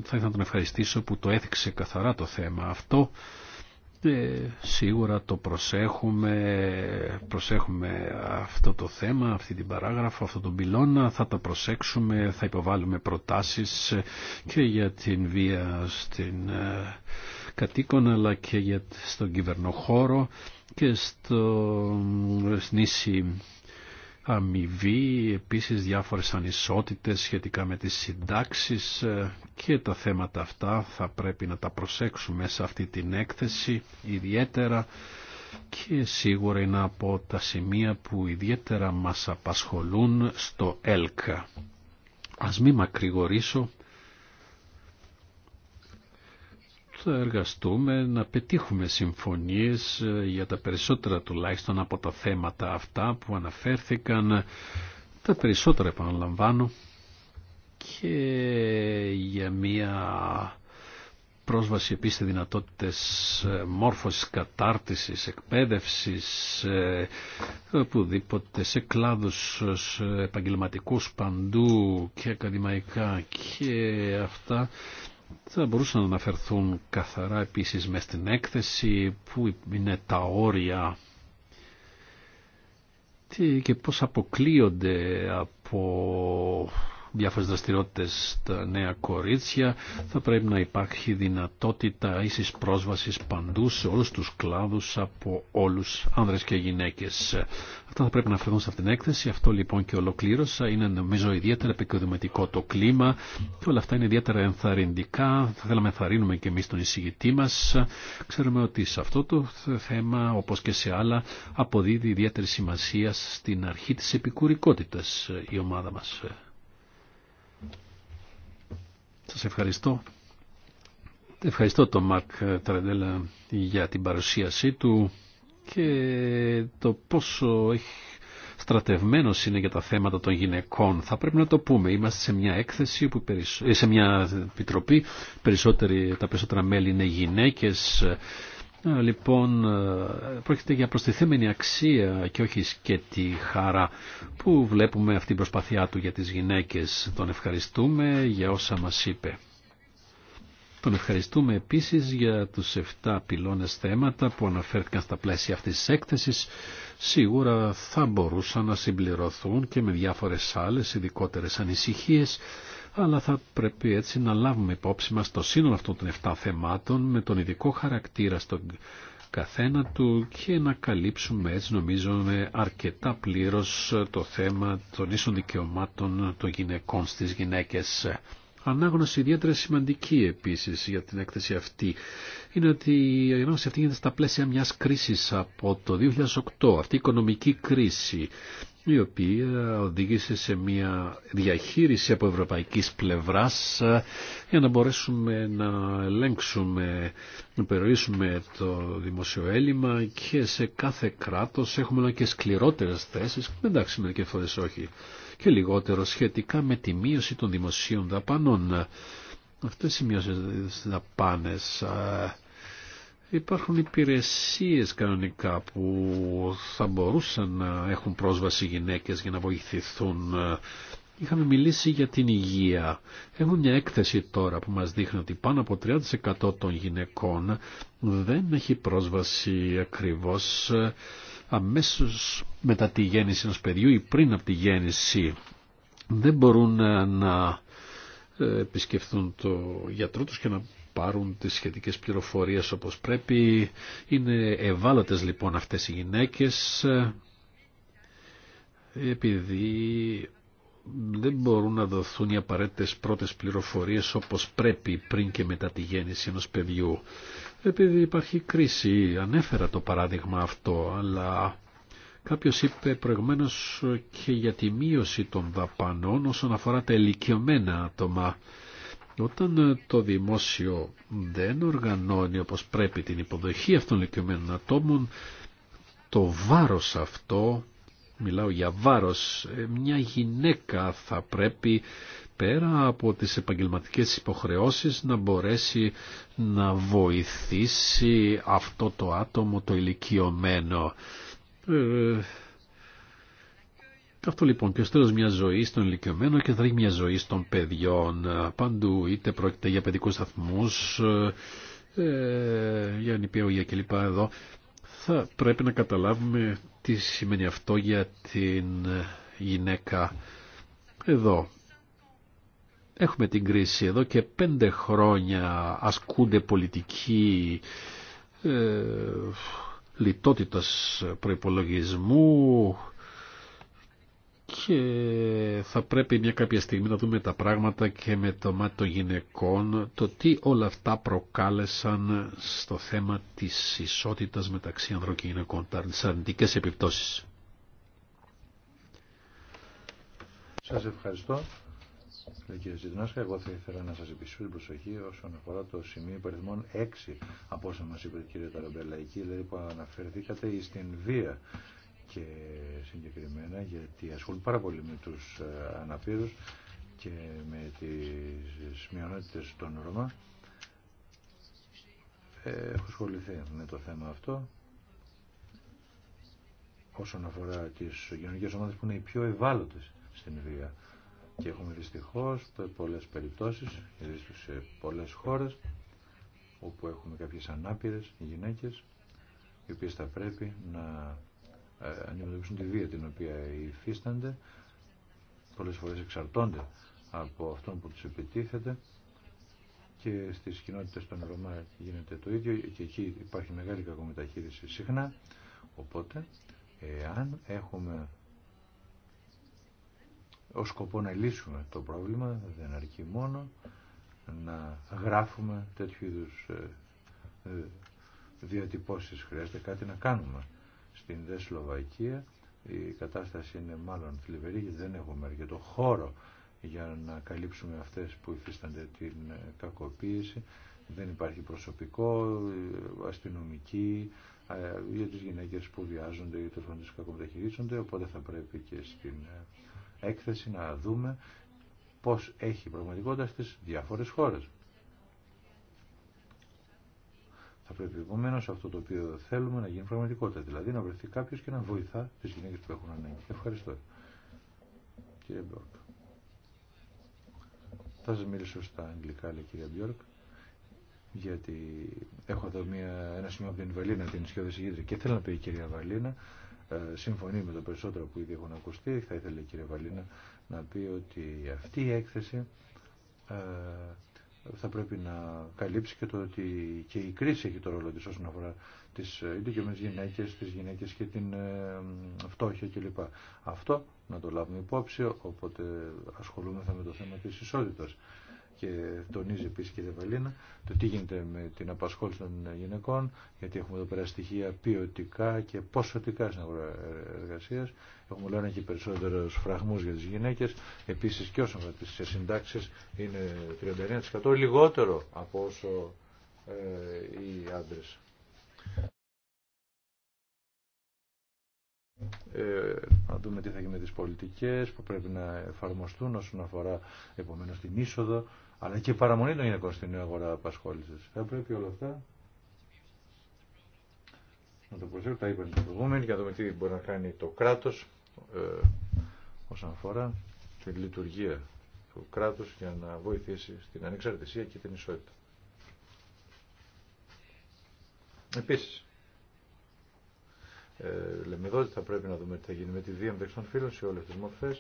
θα ήθελα να τον ευχαριστήσω που το έθιξε καθαρά το θέμα αυτό. Ε, σίγουρα το προσέχουμε, προσέχουμε αυτό το θέμα, αυτή την παράγραφο, αυτό τον πυλώνα, θα τα προσέξουμε, θα υποβάλουμε προτάσεις και για την βία στην ε, κατοίκον αλλά και για, στον κυβερνοχώρο και στο ε, νήσι αμοιβή, επίσης διάφορες ανισότητες σχετικά με τις συντάξεις ε, και τα θέματα αυτά θα πρέπει να τα προσέξουμε σε αυτή την έκθεση ιδιαίτερα και σίγουρα είναι από τα σημεία που ιδιαίτερα μας απασχολούν στο ΕΛΚΑ. Ας μην μακρηγορήσω θα εργαστούμε να πετύχουμε συμφωνίες ε, για τα περισσότερα τουλάχιστον από τα θέματα αυτά που αναφέρθηκαν, τα περισσότερα επαναλαμβάνω και για μία πρόσβαση επίσης σε δυνατότητες ε, μόρφωσης, κατάρτισης, εκπαίδευσης, ε, οπουδήποτε σε κλάδους σε επαγγελματικούς παντού και ακαδημαϊκά και αυτά θα μπορούσαν να αναφερθούν καθαρά επίσης με στην έκθεση που είναι τα όρια και πώς αποκλείονται από διάφορες δραστηριότητες στα νέα κορίτσια θα πρέπει να υπάρχει δυνατότητα ίσης πρόσβασης παντού σε όλους τους κλάδους από όλους άνδρες και γυναίκες. Αυτά θα πρέπει να φερθούν σε αυτήν την έκθεση. Αυτό λοιπόν και ολοκλήρωσα. Είναι νομίζω ιδιαίτερα επικοδομητικό το κλίμα και όλα αυτά είναι ιδιαίτερα ενθαρρυντικά. Θα θέλαμε να ενθαρρύνουμε και εμείς τον εισηγητή μας. Ξέρουμε ότι σε αυτό το θέμα όπως και σε άλλα αποδίδει ιδιαίτερη σημασία στην αρχή της επικουρικότητας η ομάδα μας. Σας ευχαριστώ. Ευχαριστώ τον Μαρκ Τραντέλα για την παρουσίασή του και το πόσο έχει στρατευμένος είναι για τα θέματα των γυναικών. Θα πρέπει να το πούμε. Είμαστε σε μια έκθεση, που ε, σε μια επιτροπή, περισσότεροι, τα περισσότερα μέλη είναι γυναίκες Λοιπόν, ε, πρόκειται για προστιθέμενη αξία και όχι σκέτη χαρά που βλέπουμε αυτή την προσπαθιά του για τις γυναίκες. Τον ευχαριστούμε για όσα μας είπε. Τον ευχαριστούμε επίσης για τους 7 πυλώνες θέματα που αναφέρθηκαν στα πλαίσια αυτής της έκθεσης. Σίγουρα θα μπορούσαν να συμπληρωθούν και με διάφορες άλλες ειδικότερε ανησυχίες αλλά θα πρέπει έτσι να λάβουμε υπόψη μας το σύνολο αυτών των 7 θεμάτων με τον ειδικό χαρακτήρα στον καθένα του και να καλύψουμε έτσι νομίζω αρκετά πλήρως το θέμα των ίσων δικαιωμάτων των γυναικών στις γυναίκες. Ανάγνωση ιδιαίτερα σημαντική επίσης για την έκθεση αυτή είναι ότι η ανάγνωση αυτή γίνεται στα πλαίσια μιας κρίσης από το 2008, αυτή η οικονομική κρίση η οποία οδήγησε σε μια διαχείριση από ευρωπαϊκής πλευράς ε, για να μπορέσουμε να ελέγξουμε, να περιορίσουμε το δημοσιοέλλημα και σε κάθε κράτος έχουμε και σκληρότερες θέσεις, εντάξει και φορές όχι, και λιγότερο σχετικά με τη μείωση των δημοσίων δαπανών. Αυτές οι μείωσες δαπάνες ε, Υπάρχουν υπηρεσίες κανονικά που θα μπορούσαν να έχουν πρόσβαση γυναίκες για να βοηθηθούν. Είχαμε μιλήσει για την υγεία. Έχουν μια έκθεση τώρα που μας δείχνει ότι πάνω από 30% των γυναικών δεν έχει πρόσβαση ακριβώς αμέσως μετά τη γέννηση ενός παιδιού ή πριν από τη γέννηση. Δεν μπορούν να επισκεφθούν το γιατρό τους και να πάρουν τις σχετικές πληροφορίες όπως πρέπει. Είναι ευάλωτες λοιπόν αυτές οι γυναίκες επειδή δεν μπορούν να δοθούν οι απαραίτητες πρώτες πληροφορίες όπως πρέπει πριν και μετά τη γέννηση ενός παιδιού. Επειδή υπάρχει κρίση, ανέφερα το παράδειγμα αυτό, αλλά κάποιος είπε προηγουμένως και για τη μείωση των δαπανών όσον αφορά τα ηλικιωμένα άτομα. Όταν ε, το δημόσιο δεν οργανώνει όπως πρέπει την υποδοχή αυτών ηλικιωμένων ατόμων, το βάρος αυτό, μιλάω για βάρος, ε, μια γυναίκα θα πρέπει πέρα από τις επαγγελματικές υποχρεώσεις να μπορέσει να βοηθήσει αυτό το άτομο το ηλικιωμένο. Ε, αυτό λοιπόν και στο μια ζωή στον ηλικιωμένο και θα έχει μια ζωή στον παιδιών ε, παντού είτε πρόκειται για παιδικούς σταθμούς, ε, ε για νηπιαγωγία κλπ. εδώ θα πρέπει να καταλάβουμε τι σημαίνει αυτό για την ε, γυναίκα εδώ. Έχουμε την κρίση εδώ και πέντε χρόνια ασκούνται πολιτική ε, λιτότητας προϋπολογισμού, και θα πρέπει μια κάποια στιγμή να δούμε τα πράγματα και με το μάτι των γυναικών το τι όλα αυτά προκάλεσαν στο θέμα της ισότητας μεταξύ ανδρών και γυναικών, τα αρνητικές επιπτώσεις. Σας ευχαριστώ. Κύριε Ζητνάσκα, εγώ θα ήθελα να σας επισύρω την προσοχή όσον αφορά το σημείο υπεριθμών 6 από όσα μας είπε η κυρία Ταραμπέλα. Εκεί δηλαδή που αναφερθήκατε στην βία και συγκεκριμένα γιατί ασχολούν πάρα πολύ με τους ε, αναπήρους και με τις μειονότητες των Ρωμά. Ε, έχω ασχοληθεί με το θέμα αυτό όσον αφορά τις κοινωνικές ομάδες που είναι οι πιο ευάλωτες στην βία. Και έχουμε δυστυχώς πολλές περιπτώσεις, ειδήσεις σε πολλές χώρες, όπου έχουμε κάποιες ανάπηρες γυναίκες, οι οποίες θα πρέπει να ε, αντιμετωπίσουν τη βία την οποία υφίστανται, πολλές φορές εξαρτώνται από αυτόν που τους επιτίθεται και στις κοινότητες των Ρωμά γίνεται το ίδιο και εκεί υπάρχει μεγάλη κακομεταχείριση συχνά, οπότε εάν έχουμε ως σκοπό να λύσουμε το πρόβλημα δεν αρκεί μόνο να γράφουμε τέτοιου είδους ε, ε, διατυπώσεις. Χρειάζεται κάτι να κάνουμε στην δε Σλοβακία η κατάσταση είναι μάλλον θλιβερή γιατί δεν έχουμε αρκετό χώρο για να καλύψουμε αυτές που υφίστανται την κακοποίηση. Δεν υπάρχει προσωπικό, αστυνομική, ε, για τις γυναίκες που βιάζονται ή τέλος που κακομεταχειρίζονται, οπότε θα πρέπει και στην ε, έκθεση να δούμε πώς έχει πραγματικότητα στις διάφορες χώρες. Θα πρέπει επομένω αυτό το οποίο θέλουμε να γίνει πραγματικότητα. Δηλαδή να βρεθεί κάποιο και να βοηθά τι γυναίκε που έχουν ανάγκη. Ευχαριστώ. Κύριε Μπιόρκ. Θα σα μιλήσω στα αγγλικά, λέει κυρία Μπιόρκ, γιατί έχω εδώ μια, ένα σημείο από την Βαλίνα, την Σκιώδη Συγήτρια, και θέλω να πει η κυρία Βαλίνα, ε, συμφωνεί με το περισσότερο που ήδη έχουν ακουστεί. Θα ήθελε η κυρία Βαλίνα να πει ότι αυτή η έκθεση ε, θα πρέπει να καλύψει και το ότι και η κρίση έχει το ρόλο της όσον αφορά τις ε, ηλικιωμένες γυναίκες, τις γυναίκες και την ε, φτώχεια κλπ. Αυτό να το λάβουμε υπόψη, οπότε ασχολούμεθα με το θέμα της ισότητας και τονίζει επίση και η Δεβαλίνα το τι γίνεται με την απασχόληση των γυναικών, γιατί έχουμε εδώ πέρα στοιχεία ποιοτικά και ποσοτικά στην αγορά εργασία. Έχουμε λένε και περισσότερου φραγμού για τι γυναίκε. Επίση και όσον αφορά τι συντάξει είναι 39% λιγότερο από όσο ε, οι άντρε. Ε, να δούμε τι θα γίνει με τις πολιτικές που πρέπει να εφαρμοστούν όσον αφορά επομένως την είσοδο αλλά και η παραμονή των γυναικών στην νέα αγορά απασχόλησης. Θα πρέπει όλα αυτά να το προσέχουμε, τα είπαν οι προηγούμενοι, για να δούμε τι μπορεί να κάνει το κράτος ε, όσον αφορά τη λειτουργία του κράτους για να βοηθήσει στην ανεξαρτησία και την ισότητα. Επίσης, ε, λέμε εδώ ότι θα πρέπει να δούμε τι θα γίνει με τη βία μεταξύ των φίλων σε όλε τι μορφέ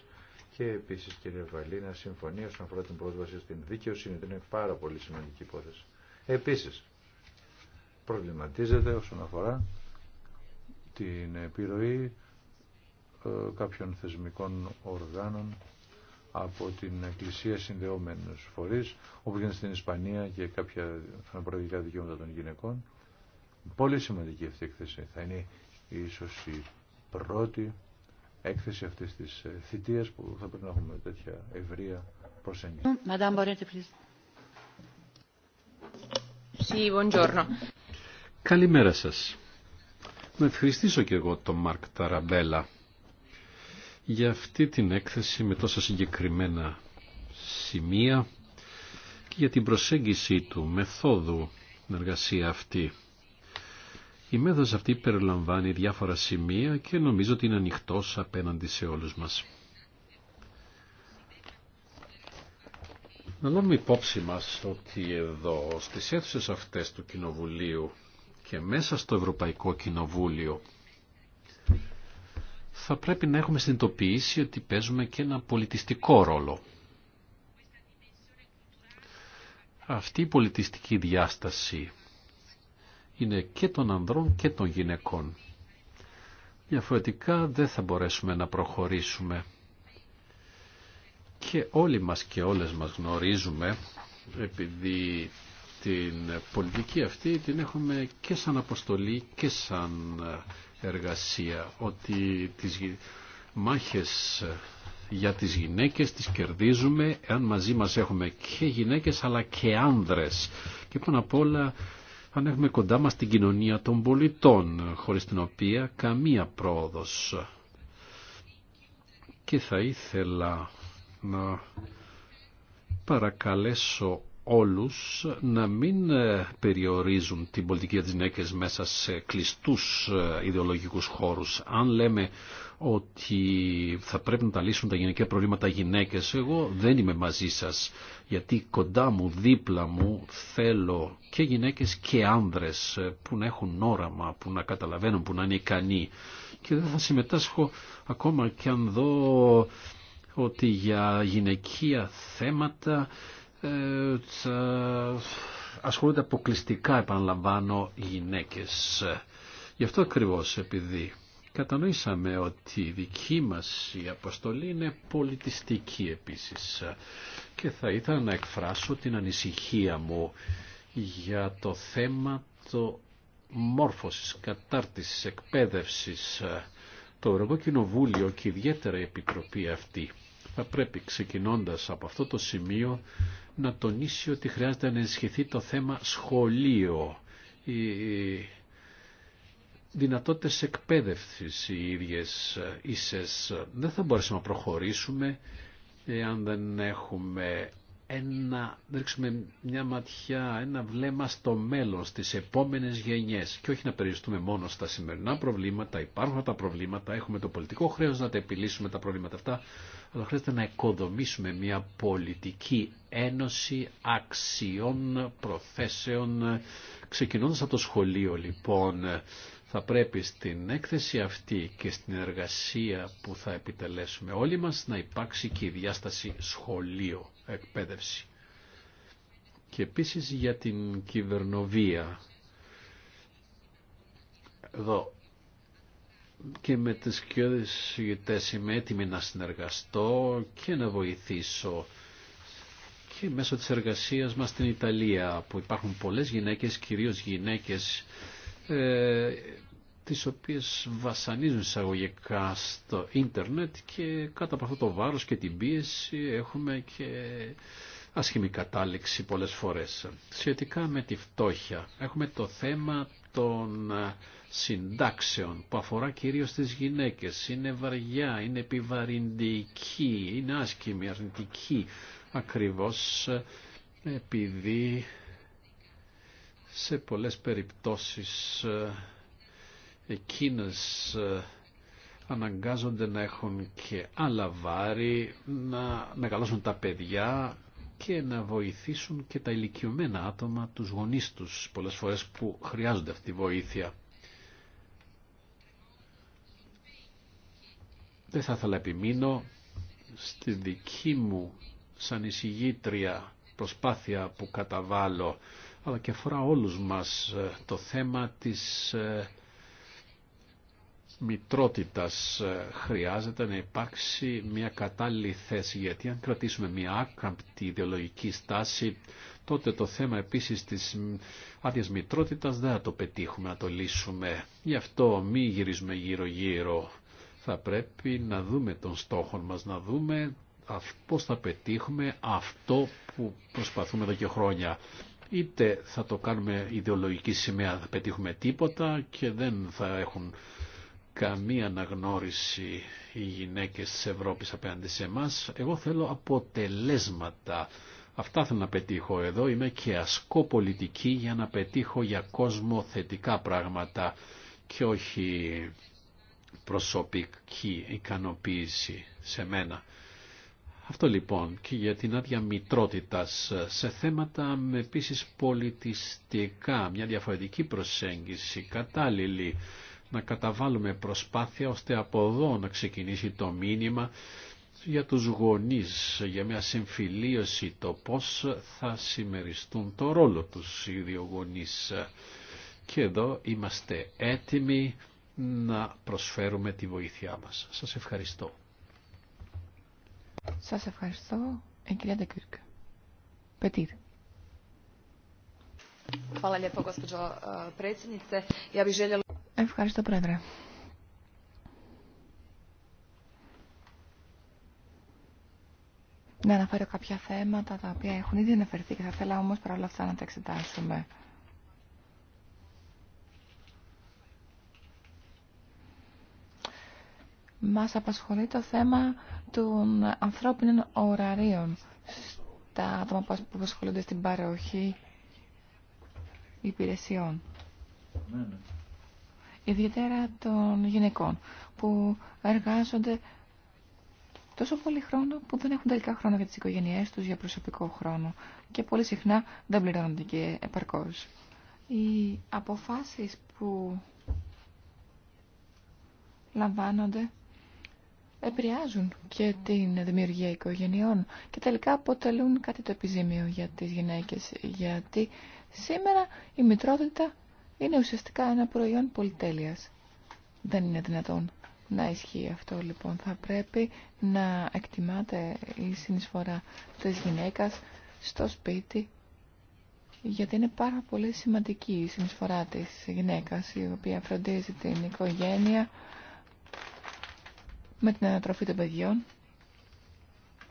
και επίσης κύριε Βαλίνα συμφωνία όσον αφορά την πρόσβαση στην δικαιοσύνη. Είναι πάρα πολύ σημαντική υπόθεση. Επίσης προβληματίζεται όσον αφορά την επιρροή ε, κάποιων θεσμικών οργάνων από την Εκκλησία συνδεόμενους φορείς, όπου γίνεται στην Ισπανία και κάποια αναπαραγωγικά δικαιώματα των γυναικών. Πολύ σημαντική αυτή η εκθέση. Θα είναι ίσως η πρώτη έκθεση αυτής της ε, θητείας που θα πρέπει να έχουμε τέτοια ευρεία προσέγγιση. Mm, Καλημέρα σας. Να ευχαριστήσω και εγώ τον Μαρκ Ταραμπέλα για αυτή την έκθεση με τόσα συγκεκριμένα σημεία και για την προσέγγιση του μεθόδου την εργασία αυτή. Η μέθοδος αυτή περιλαμβάνει διάφορα σημεία και νομίζω ότι είναι ανοιχτό απέναντι σε όλους μας. Να λάβουμε υπόψη μας ότι εδώ στις αίθουσες αυτές του Κοινοβουλίου και μέσα στο Ευρωπαϊκό Κοινοβούλιο θα πρέπει να έχουμε συνειδητοποιήσει ότι παίζουμε και ένα πολιτιστικό ρόλο. Αυτή η πολιτιστική διάσταση είναι και των ανδρών και των γυναικών. Διαφορετικά δεν θα μπορέσουμε να προχωρήσουμε. Και όλοι μας και όλες μας γνωρίζουμε, επειδή την πολιτική αυτή την έχουμε και σαν αποστολή και σαν εργασία, ότι τις μάχες για τις γυναίκες τις κερδίζουμε εάν μαζί μας έχουμε και γυναίκες αλλά και άνδρες. Και πάνω απ' όλα αν έχουμε κοντά μας την κοινωνία των πολιτών, χωρίς την οποία καμία πρόοδος. Και θα ήθελα να παρακαλέσω όλους να μην ε, περιορίζουν την πολιτική της γυναίκες μέσα σε κλειστούς ε, ιδεολογικούς χώρους. Αν λέμε ότι θα πρέπει να τα λύσουν τα γυναικεία προβλήματα γυναίκες, εγώ δεν είμαι μαζί σας, γιατί κοντά μου, δίπλα μου θέλω και γυναίκες και άνδρες ε, που να έχουν όραμα, που να καταλαβαίνουν, που να είναι ικανοί. Και δεν θα συμμετάσχω ακόμα και αν δω ότι για γυναικεία θέματα ε, ασχολούνται αποκλειστικά, επαναλαμβάνω, γυναίκες. Γι' αυτό ακριβώς επειδή κατανοήσαμε ότι η δική μας η αποστολή είναι πολιτιστική επίσης και θα ήθελα να εκφράσω την ανησυχία μου για το θέμα το μόρφωσης, κατάρτισης, εκπαίδευσης. Το Ευρωπαϊκό Κοινοβούλιο και ιδιαίτερα η Επιτροπή αυτή θα πρέπει ξεκινώντας από αυτό το σημείο να τονίσει ότι χρειάζεται να ενισχυθεί το θέμα σχολείο. Οι δυνατότητες εκπαίδευσης οι ίδιες ίσες δεν θα μπορέσουμε να προχωρήσουμε εάν δεν έχουμε να ρίξουμε μια ματιά, ένα βλέμμα στο μέλλον, στις επόμενες γενιές και όχι να περιοριστούμε μόνο στα σημερινά προβλήματα, υπάρχουν τα προβλήματα, έχουμε το πολιτικό χρέος να τα επιλύσουμε τα προβλήματα αυτά, αλλά χρειάζεται να οικοδομήσουμε μια πολιτική ένωση αξιών, προθέσεων, ξεκινώντας από το σχολείο λοιπόν, θα πρέπει στην έκθεση αυτή και στην εργασία που θα επιτελέσουμε όλοι μας να υπάρξει και η διάσταση σχολείο εκπαίδευση. Και επίσης για την κυβερνοβία. Εδώ και με τις κοιόδες με είμαι έτοιμη να συνεργαστώ και να βοηθήσω και μέσω της εργασίας μας στην Ιταλία που υπάρχουν πολλές γυναίκες, κυρίως γυναίκες ε, τις οποίες βασανίζουν εισαγωγικά στο ίντερνετ και κάτω από αυτό το βάρος και την πίεση έχουμε και άσχημη κατάληξη πολλές φορές. Σχετικά με τη φτώχεια έχουμε το θέμα των συντάξεων που αφορά κυρίως τις γυναίκες. Είναι βαριά, είναι επιβαρυντική, είναι άσχημη, αρνητική ακριβώς επειδή σε πολλές περιπτώσεις εκείνες ε, αναγκάζονται να έχουν και άλλα βάρη, να μεγαλώσουν τα παιδιά και να βοηθήσουν και τα ηλικιωμένα άτομα, τους γονείς τους, πολλές φορές που χρειάζονται αυτή τη βοήθεια. Δεν θα ήθελα επιμείνω στη δική μου σαν εισηγήτρια προσπάθεια που καταβάλω, αλλά και αφορά όλους μας ε, το θέμα της ε, μητρότητας ε, χρειάζεται να υπάρξει μια κατάλληλη θέση γιατί αν κρατήσουμε μια άκαμπτη ιδεολογική στάση τότε το θέμα επίσης της άδειας μητρότητας δεν θα το πετύχουμε να το λύσουμε. Γι' αυτό μη γυρίζουμε γύρω γύρω. Θα πρέπει να δούμε τον στόχο μας, να δούμε πώς θα πετύχουμε αυτό που προσπαθούμε εδώ και χρόνια είτε θα το κάνουμε ιδεολογική σημαία, θα πετύχουμε τίποτα και δεν θα έχουν καμία αναγνώριση οι γυναίκες της Ευρώπης απέναντι σε εμάς. Εγώ θέλω αποτελέσματα. Αυτά θέλω να πετύχω εδώ. Είμαι και ασκοπολιτική για να πετύχω για κόσμο θετικά πράγματα και όχι προσωπική ικανοποίηση σε μένα. Αυτό λοιπόν και για την άδεια μητρότητας σε θέματα με επίσης πολιτιστικά, μια διαφορετική προσέγγιση, κατάλληλη να καταβάλουμε προσπάθεια ώστε από εδώ να ξεκινήσει το μήνυμα για τους γονείς, για μια συμφιλίωση το πώς θα συμμεριστούν το ρόλο τους οι δύο γονείς. Και εδώ είμαστε έτοιμοι να προσφέρουμε τη βοήθειά μας. Σας ευχαριστώ. Σας ευχαριστώ, ε, Πετήρ. Ε, Ευχαριστώ, Πρόεδρε. Να αναφέρω κάποια θέματα τα οποία έχουν ήδη αναφερθεί και θα ήθελα όμως παρόλα αυτά να τα εξετάσουμε. Μας απασχολεί το θέμα των ανθρώπινων ωραρίων στα άτομα που ασχολούνται στην παροχή υπηρεσιών. Ναι, ναι ιδιαίτερα των γυναικών, που εργάζονται τόσο πολύ χρόνο που δεν έχουν τελικά χρόνο για τις οικογένειές τους, για προσωπικό χρόνο και πολύ συχνά δεν πληρώνονται και επαρκώς. Οι αποφάσεις που λαμβάνονται επηρεάζουν και την δημιουργία οικογενειών και τελικά αποτελούν κάτι το επιζήμιο για τις γυναίκες γιατί σήμερα η μητρότητα είναι ουσιαστικά ένα προϊόν πολυτέλειας. Δεν είναι δυνατόν να ισχύει αυτό λοιπόν. Θα πρέπει να εκτιμάται η συνεισφορά της γυναίκας στο σπίτι γιατί είναι πάρα πολύ σημαντική η συνεισφορά της γυναίκας η οποία φροντίζει την οικογένεια με την ανατροφή των παιδιών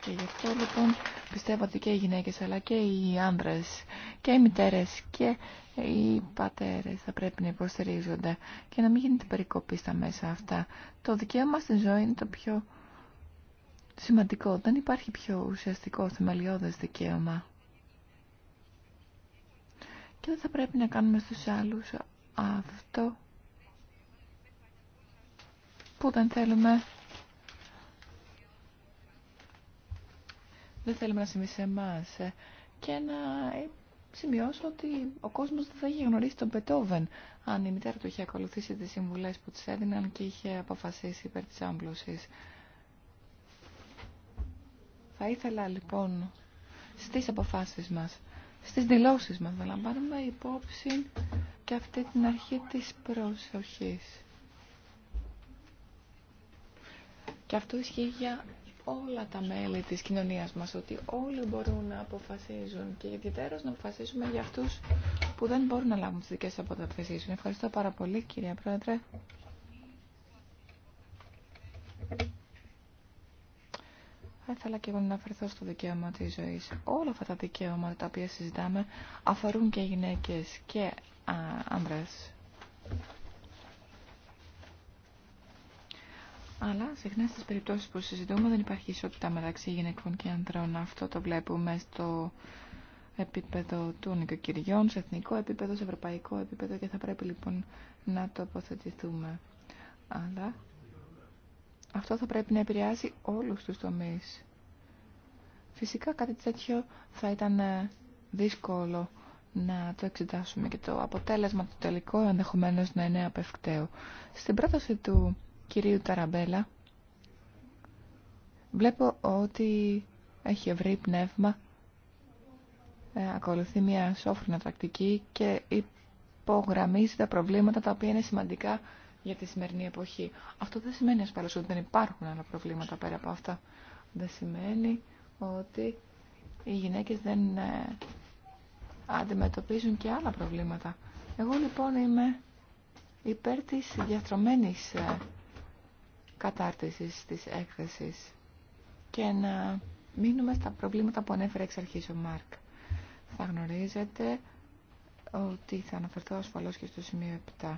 και γι' αυτό λοιπόν Πιστεύω ότι και οι γυναίκες αλλά και οι άνδρες και οι μητέρες και οι πατέρες θα πρέπει να υποστηρίζονται και να μην γίνεται περικοπή στα μέσα αυτά. Το δικαίωμα στην ζωή είναι το πιο σημαντικό. Δεν υπάρχει πιο ουσιαστικό θεμελιώδες δικαίωμα. Και δεν θα πρέπει να κάνουμε στους άλλους αυτό που δεν θέλουμε δεν θέλουμε να συμβεί σε εμά. Και να σημειώσω ότι ο κόσμο δεν θα είχε γνωρίσει τον Πετόβεν αν η μητέρα του είχε ακολουθήσει τι συμβουλέ που τη έδιναν και είχε αποφασίσει υπέρ τη άμπλωση. Θα ήθελα λοιπόν στις αποφάσεις μας, στις δηλώσει μας να λαμβάνουμε υπόψη και αυτή την αρχή της προσοχή. Και αυτό ισχύει για όλα τα μέλη της κοινωνίας μας, ότι όλοι μπορούν να αποφασίζουν και ιδιαίτερως να αποφασίσουμε για αυτούς που δεν μπορούν να λάβουν τις δικές τους αποφασίσεις. Ευχαριστώ πάρα πολύ κυρία Πρόεδρε. Θα ήθελα και εγώ να αναφερθώ στο δικαίωμα της ζωής. Όλα αυτά τα δικαίωματα τα οποία συζητάμε αφορούν και γυναίκες και α, Αλλά συχνά στις περιπτώσεις που συζητούμε δεν υπάρχει ισότητα μεταξύ γυναικών και ανδρών. Αυτό το βλέπουμε στο επίπεδο του νοικοκυριών, σε εθνικό επίπεδο, σε ευρωπαϊκό επίπεδο και θα πρέπει λοιπόν να το τοποθετηθούμε. Αλλά αυτό θα πρέπει να επηρεάσει όλους τους τομείς. Φυσικά κάτι τέτοιο θα ήταν ε, δύσκολο να το εξετάσουμε και το αποτέλεσμα του τελικό ενδεχομένω να είναι απευκταίο. Στην πρόταση του κυρίου Ταραμπέλα. Βλέπω ότι έχει ευρύ πνεύμα, ε, ακολουθεί μια σόφρυνα τακτική και υπογραμμίζει τα προβλήματα τα οποία είναι σημαντικά για τη σημερινή εποχή. Αυτό δεν σημαίνει ασφαλώς ότι δεν υπάρχουν άλλα προβλήματα πέρα από αυτά. Δεν σημαίνει ότι οι γυναίκες δεν ε, αντιμετωπίζουν και άλλα προβλήματα. Εγώ λοιπόν είμαι υπέρ της διαστρωμένης ε, κατάρτισης της έκθεσης και να μείνουμε στα προβλήματα που ανέφερε εξ αρχής ο Μάρκ. Θα γνωρίζετε ότι θα αναφερθώ ασφαλώς και στο σημείο 7.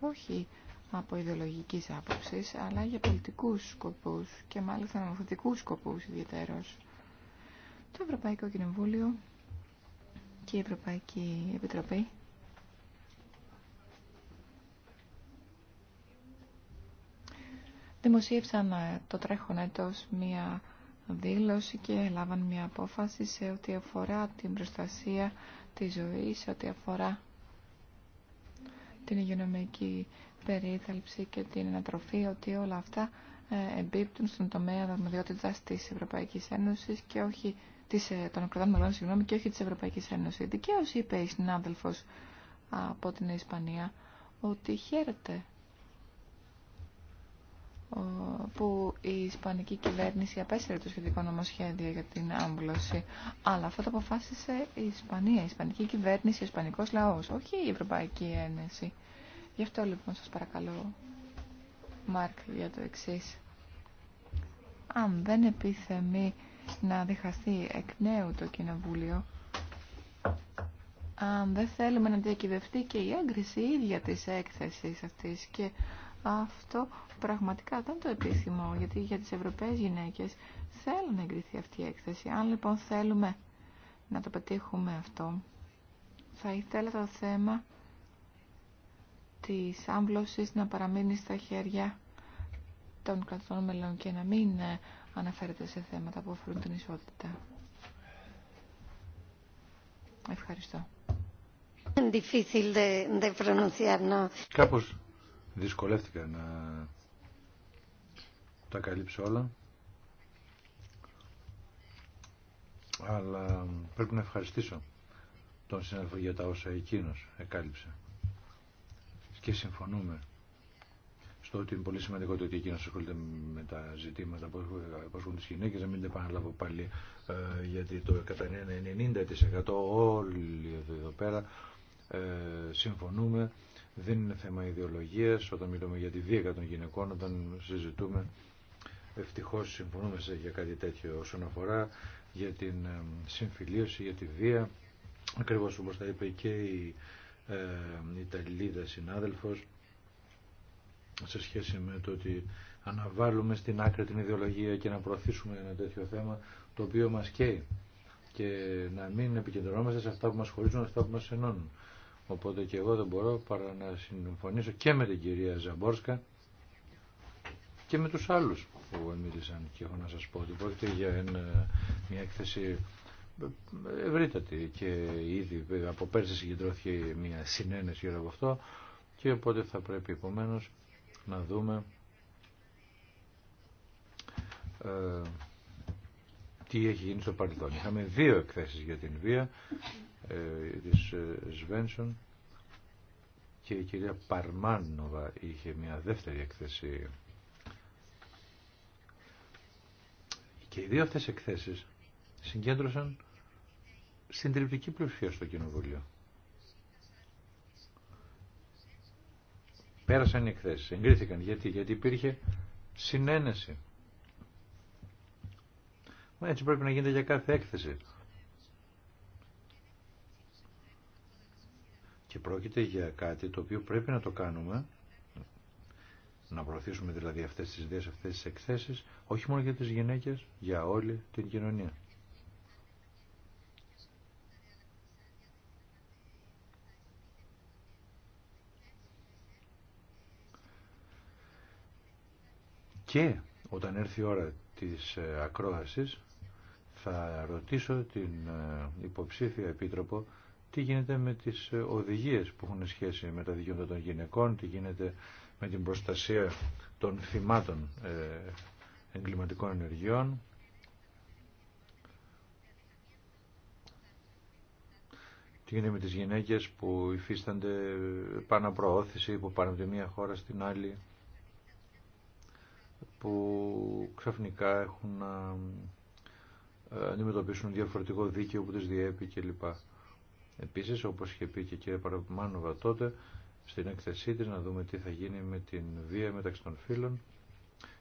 Όχι από ιδεολογική άποψη, αλλά για πολιτικούς σκοπούς και μάλιστα νομοθετικού σκοπούς ιδιαίτερω. Το Ευρωπαϊκό Κοινοβούλιο και η Ευρωπαϊκή Επιτροπή δημοσίευσαν το τρέχον έτος μία δήλωση και λάβαν μία απόφαση σε ό,τι αφορά την προστασία της ζωής, σε ό,τι αφορά την υγειονομική περίθαλψη και την ανατροφή, ότι όλα αυτά ε, εμπίπτουν στον τομέα δαρμοδιότητα της Ευρωπαϊκής Ένωσης και όχι της, ε, των κρατών μελών, και όχι της Ευρωπαϊκής Ένωσης. Δικαίως είπε η συνάδελφος από την Ισπανία ότι χαίρεται που η Ισπανική κυβέρνηση απέσυρε το σχετικό νομοσχέδιο για την άμβλωση. Αλλά αυτό το αποφάσισε η Ισπανία, η Ισπανική κυβέρνηση, ο Ισπανικός λαός, όχι η Ευρωπαϊκή Ένωση. Γι' αυτό λοιπόν σας παρακαλώ, Μάρκ, για το εξή. Αν δεν επιθεμεί να διχαστεί εκ νέου το Κοινοβούλιο, αν δεν θέλουμε να διακυβευτεί και η έγκριση ίδια της έκθεσης αυτής και αυτό πραγματικά δεν το επιθυμώ, γιατί για τις Ευρωπαίες γυναίκες θέλουν να εγκριθεί αυτή η έκθεση. Αν λοιπόν θέλουμε να το πετύχουμε αυτό, θα ήθελα το θέμα της άμβλωσης να παραμείνει στα χέρια των κρατών μελών και να μην ε, αναφέρεται σε θέματα που αφορούν την ισότητα. Ευχαριστώ. Κάπως δυσκολεύτηκα να τα καλύψω όλα. Αλλά πρέπει να ευχαριστήσω τον συνάδελφο για τα όσα εκείνος εκάλυψε. Και συμφωνούμε στο ότι είναι πολύ σημαντικό το ότι εκείνο ασχολείται με τα ζητήματα που έχουν τι γυναίκε. Να μην τα επαναλάβω πάλι, γιατί το κατά 90% όλοι εδώ πέρα ε, συμφωνούμε, δεν είναι θέμα ιδεολογίας όταν μιλούμε για τη βία των γυναικών, όταν συζητούμε ευτυχώς συμφωνούμε σε, για κάτι τέτοιο όσον αφορά για την ε, συμφιλίωση, για τη βία ακριβώς όπως τα είπε και η ε, Ιταλίδα συνάδελφος σε σχέση με το ότι αναβάλουμε στην άκρη την ιδεολογία και να προωθήσουμε ένα τέτοιο θέμα το οποίο μας καίει και να μην επικεντρωνόμαστε σε αυτά που μας χωρίζουν, αυτά που μας ενώνουν. Οπότε και εγώ δεν μπορώ παρά να συμφωνήσω και με την κυρία Ζαμπόρσκα και με τους άλλους που μίλησαν και έχω να σας πω ότι πρόκειται για μια έκθεση ευρύτατη και ήδη από πέρσι συγκεντρώθηκε μια συνένεση γύρω από αυτό και οπότε θα πρέπει επομένω να δούμε ε, τι έχει γίνει στο παρελθόν. Είχαμε δύο εκθέσεις για την βία ε, της ε, Σβένσον και η κυρία Παρμάνοβα είχε μια δεύτερη εκθέση. Και οι δύο αυτές εκθέσεις συγκέντρωσαν συντριπτική πλουσία στο Κοινοβούλιο. Πέρασαν οι εκθέσεις, εγκρίθηκαν. Γιατί, γιατί υπήρχε συνένεση. Μα έτσι πρέπει να γίνεται για κάθε έκθεση. Και πρόκειται για κάτι το οποίο πρέπει να το κάνουμε, να προωθήσουμε δηλαδή αυτές τις ιδέες, αυτές τις εκθέσεις, όχι μόνο για τις γυναίκες, για όλη την κοινωνία. Και όταν έρθει η ώρα της ε, ακρόασης θα ρωτήσω την ε, υποψήφια επίτροπο τι γίνεται με τις ε, οδηγίες που έχουν σχέση με τα δικαιώματα των γυναικών, τι γίνεται με την προστασία των θυμάτων ε, εγκληματικών ενεργειών. Τι γίνεται με τις γυναίκες που υφίστανται πάνω προώθηση, που πάνε από τη μία χώρα στην άλλη, που ξαφνικά έχουν να ε, αντιμετωπίσουν διαφορετικό δίκαιο που τις διέπει κλπ. Επίσης, όπως είχε πει και η κυρία Παραπημάνοβα τότε, στην έκθεσή της να δούμε τι θα γίνει με την βία μεταξύ των φίλων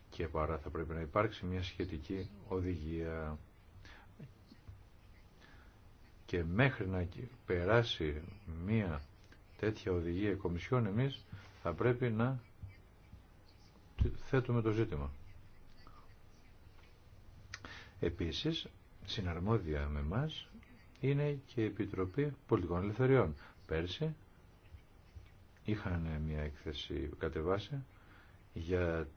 και παρά θα πρέπει να υπάρξει μια σχετική οδηγία και μέχρι να περάσει μια τέτοια οδηγία κομισιών εμείς θα πρέπει να θέτουμε το ζήτημα. Επίσης, συναρμόδια με μας είναι και η Επιτροπή Πολιτικών Ελευθεριών. Πέρσι είχαν μια έκθεση κατεβάσει για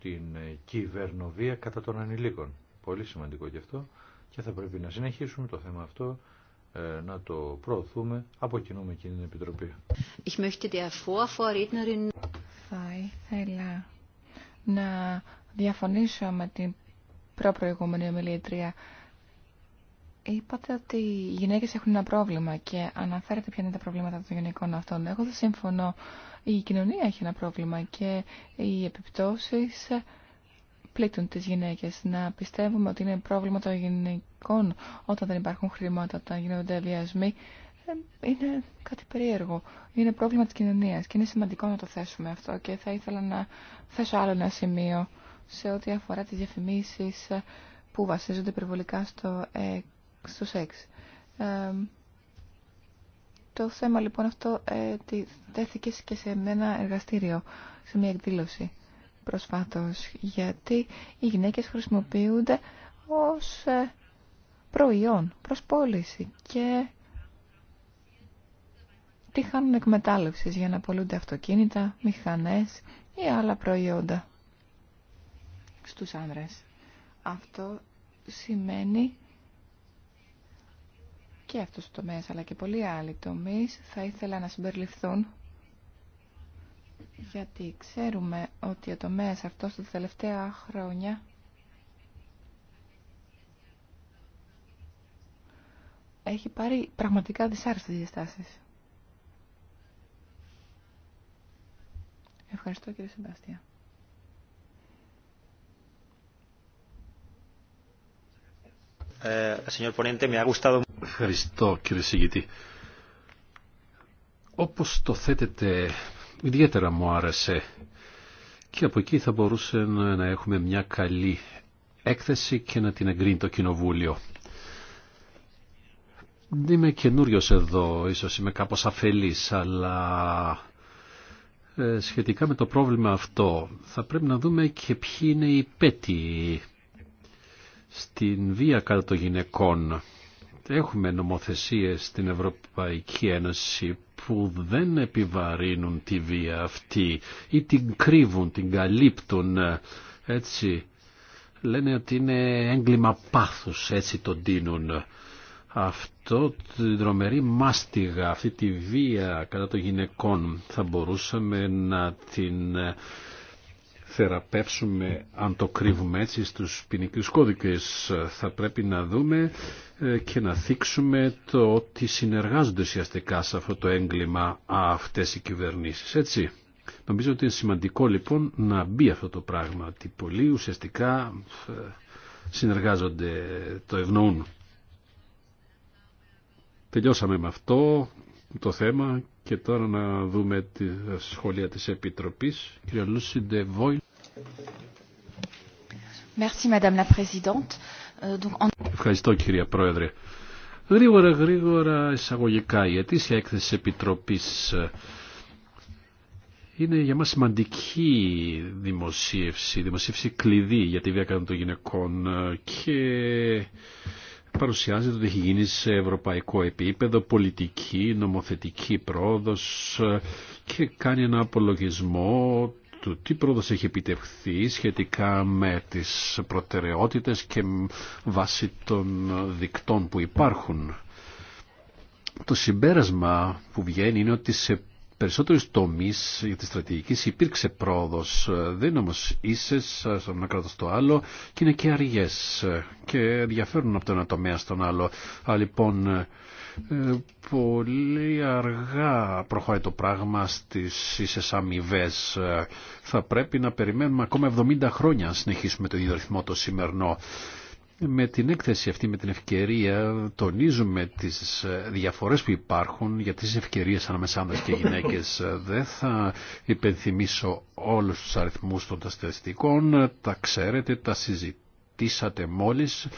την κυβερνοβία κατά των ανηλίκων. Πολύ σημαντικό και αυτό και θα πρέπει να συνεχίσουμε το θέμα αυτό ε, να το προωθούμε από κοινού την Επιτροπή. Θα ήθελα να διαφωνήσω με την προπροηγούμενη ομιλήτρια Είπατε ότι οι γυναίκες έχουν ένα πρόβλημα και αναφέρετε ποια είναι τα προβλήματα των γυναικών αυτών. Εγώ δεν συμφωνώ. Η κοινωνία έχει ένα πρόβλημα και οι επιπτώσεις πλήττουν τις γυναίκες. Να πιστεύουμε ότι είναι πρόβλημα των γυναικών όταν δεν υπάρχουν χρήματα, όταν γίνονται βιασμοί, ε, είναι κάτι περίεργο. Είναι πρόβλημα της κοινωνίας και είναι σημαντικό να το θέσουμε αυτό και θα ήθελα να θέσω άλλο ένα σημείο σε ό,τι αφορά τις διαφημίσεις που βασίζονται υπερβολικά στο στο σεξ. το θέμα λοιπόν αυτό ε, τέθηκε και σε ένα εργαστήριο, σε μια εκδήλωση προσφάτως, γιατί οι γυναίκες χρησιμοποιούνται ως ε, προϊόν, προς πώληση και τι χάνουν εκμετάλλευσης για να πολλούνται αυτοκίνητα, μηχανές ή άλλα προϊόντα στους άνδρες. Αυτό σημαίνει και αυτός ο τομέας αλλά και πολλοί άλλοι τομείς θα ήθελα να συμπεριληφθούν γιατί ξέρουμε ότι ο τομέας αυτός τα τελευταία χρόνια έχει πάρει πραγματικά δυσάρεστες διαστάσεις. Ευχαριστώ κύριε Σεμπάστια. Eh, Ευχαριστώ κύριε Σιγητή. Όπως το θέτετε ιδιαίτερα μου άρεσε και από εκεί θα μπορούσε να έχουμε μια καλή έκθεση και να την εγκρίνει το Κοινοβούλιο. Είμαι καινούριο εδώ, ίσως είμαι κάπως αφελής, αλλά ε, σχετικά με το πρόβλημα αυτό θα πρέπει να δούμε και ποιοι είναι οι πέτοι στην βία κατά των γυναικών. Έχουμε νομοθεσίες στην Ευρωπαϊκή Ένωση που δεν επιβαρύνουν τη βία αυτή ή την κρύβουν, την καλύπτουν έτσι. Λένε ότι είναι έγκλημα πάθους, έτσι τον τίνουν. Αυτό την δρομερή μάστιγα, αυτή τη βία κατά των γυναικών θα μπορούσαμε να την θεραπεύσουμε, αν το κρύβουμε έτσι, στους ποινικού κώδικες. Θα πρέπει να δούμε ε, και να θίξουμε το ότι συνεργάζονται ουσιαστικά σε αυτό το έγκλημα αυτές οι κυβερνήσεις, έτσι. Νομίζω ότι είναι σημαντικό λοιπόν να μπει αυτό το πράγμα, ότι πολλοί ουσιαστικά ε, συνεργάζονται, το ευνοούν. Τελειώσαμε με αυτό το θέμα και τώρα να δούμε τη σχόλια της Επιτροπής. Κύριε Λούσιντε Βόιλ. Euh, Ευχαριστώ κυρία Πρόεδρε. Γρήγορα, γρήγορα, εισαγωγικά, η αιτήσια έκθεση Επιτροπής ε, είναι για μας σημαντική δημοσίευση, δημοσίευση κλειδί για τη βία των γυναικών ε, και παρουσιάζεται ότι έχει γίνει σε ευρωπαϊκό επίπεδο πολιτική, νομοθετική πρόοδος ε, και κάνει ένα απολογισμό του τι πρόοδος έχει επιτευχθεί σχετικά με τις προτεραιότητες και βάσει των δικτών που υπάρχουν. Το συμπέρασμα που βγαίνει είναι ότι σε περισσότερους τομείς για τη στρατηγική υπήρξε πρόοδος, δεν είναι όμως ίσες από ένα κράτος στο άλλο και είναι και αργές και διαφέρουν από το ένα τομέα στον άλλο. Α, λοιπόν, ε, πολύ αργά προχωράει το πράγμα στις ίσες αμοιβέ. Ε, θα πρέπει να περιμένουμε ακόμα 70 χρόνια να συνεχίσουμε τον ίδιο ρυθμό το σημερινό. Με την έκθεση αυτή, με την ευκαιρία, τονίζουμε τις ε, διαφορές που υπάρχουν για τις ευκαιρίες ανάμεσα άνδρες και γυναίκες. Δεν θα υπενθυμίσω όλους τους αριθμούς των στατιστικών, τα ξέρετε, τα συζητήσατε μόλις.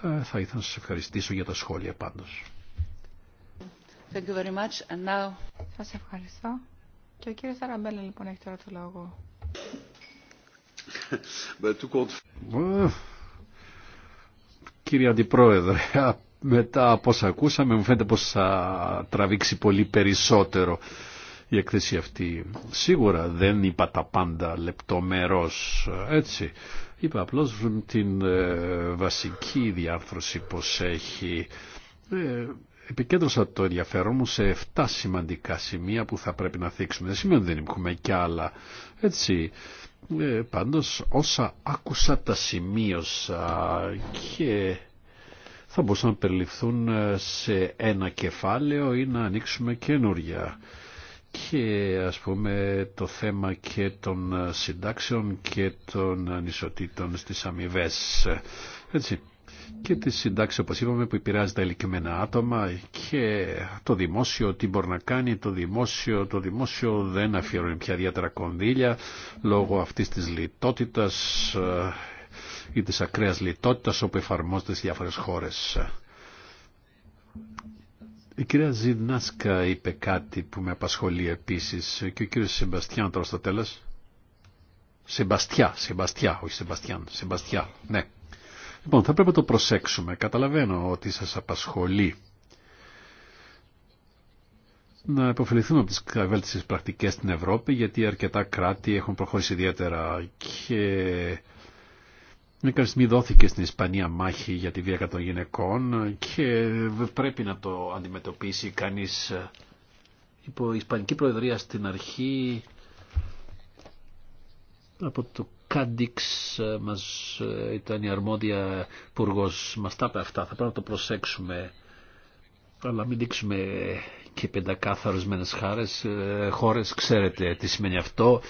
Θα ήθελα να σας ευχαριστήσω για τα σχόλια πάντως ευχαριστώ. Και ο κύριος Αραμπέλα λοιπόν έχει τώρα το λόγο. Κύριε Αντιπρόεδρε, μετά από όσα ακούσαμε μου φαίνεται πως θα τραβήξει πολύ περισσότερο η εκθέση αυτή. Σίγουρα δεν είπα τα πάντα λεπτομερώς, έτσι. Είπα απλώς την ε, βασική διάρθρωση πως έχει. Ε, επικέντρωσα το ενδιαφέρον μου σε 7 σημαντικά σημεία που θα πρέπει να θίξουμε. Δεν σημαίνει ότι δεν έχουμε κι άλλα. Έτσι, ε, πάντως όσα άκουσα τα σημείωσα και θα μπορούσαν να περιληφθούν ε, σε ένα κεφάλαιο ή να ανοίξουμε καινούρια. Και ας πούμε το θέμα και των συντάξεων και των ανισοτήτων στις αμοιβέ. Έτσι και τη συντάξη, όπως είπαμε που επηρεάζει τα ηλικιωμένα άτομα και το δημόσιο τι μπορεί να κάνει το δημόσιο, το δημόσιο δεν αφιερώνει πια ιδιαίτερα κονδύλια λόγω αυτής της λιτότητας ε, ή της ακραίας λιτότητας όπου εφαρμόζεται στις διάφορες χώρες. Η κυρία Ζινάσκα είπε κάτι που με απασχολεί επίσης και ο κύριος Σεμπαστιάν τώρα στο τέλο. Σεμπαστιά, Σεμπαστιά, όχι Σεμπαστιάν, Σεμπαστιά, ναι. Λοιπόν, θα πρέπει να το προσέξουμε. Καταλαβαίνω ότι σας απασχολεί να υποφεληθούμε από τις βέλτιστες πρακτικές στην Ευρώπη γιατί αρκετά κράτη έχουν προχωρήσει ιδιαίτερα και μια στιγμή δόθηκε στην Ισπανία μάχη για τη βία των γυναικών και πρέπει να το αντιμετωπίσει κανείς υπό Ισπανική Προεδρία στην αρχή από το Κάντιξ μας ε, ήταν η αρμόδια υπουργό μας τα είπε αυτά, θα πρέπει να το προσέξουμε αλλά μην δείξουμε και πεντακάθαρους μενες χάρες, ε, χώρες, ξέρετε τι σημαίνει αυτό,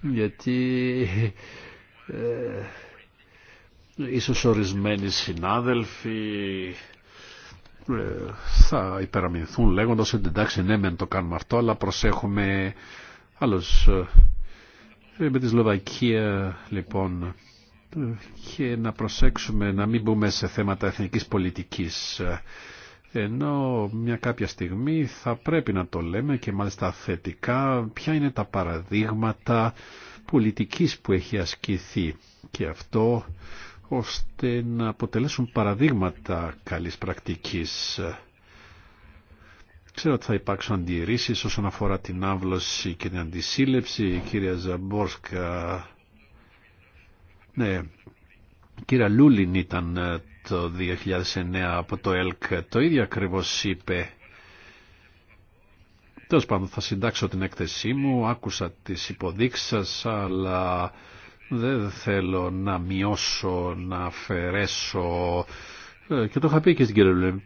γιατί ε, ίσως ορισμένοι συνάδελφοι ε, θα υπεραμεινθούν λέγοντας ότι εντάξει ναι μεν το κάνουμε αυτό, αλλά προσέχουμε άλλος ε, με τη Σλοβακία λοιπόν και να προσέξουμε να μην μπούμε σε θέματα εθνικής πολιτικής ενώ μια κάποια στιγμή θα πρέπει να το λέμε και μάλιστα θετικά ποια είναι τα παραδείγματα πολιτικής που έχει ασκηθεί και αυτό ώστε να αποτελέσουν παραδείγματα καλής πρακτικής Ξέρω ότι θα υπάρξουν αντιρρήσεις όσον αφορά την άβλωση και την αντισύλληψη. Η κυρία Ζαμπόρσκα, ναι, η κυρία Λούλιν ήταν ε, το 2009 από το ΕΛΚ. Το ίδιο ακριβώς είπε. Τέλο πάντων θα συντάξω την έκθεσή μου, άκουσα τις υποδείξεις σας, αλλά δεν θέλω να μειώσω, να αφαιρέσω ε, και το είχα πει και στην κυρία Λούλιν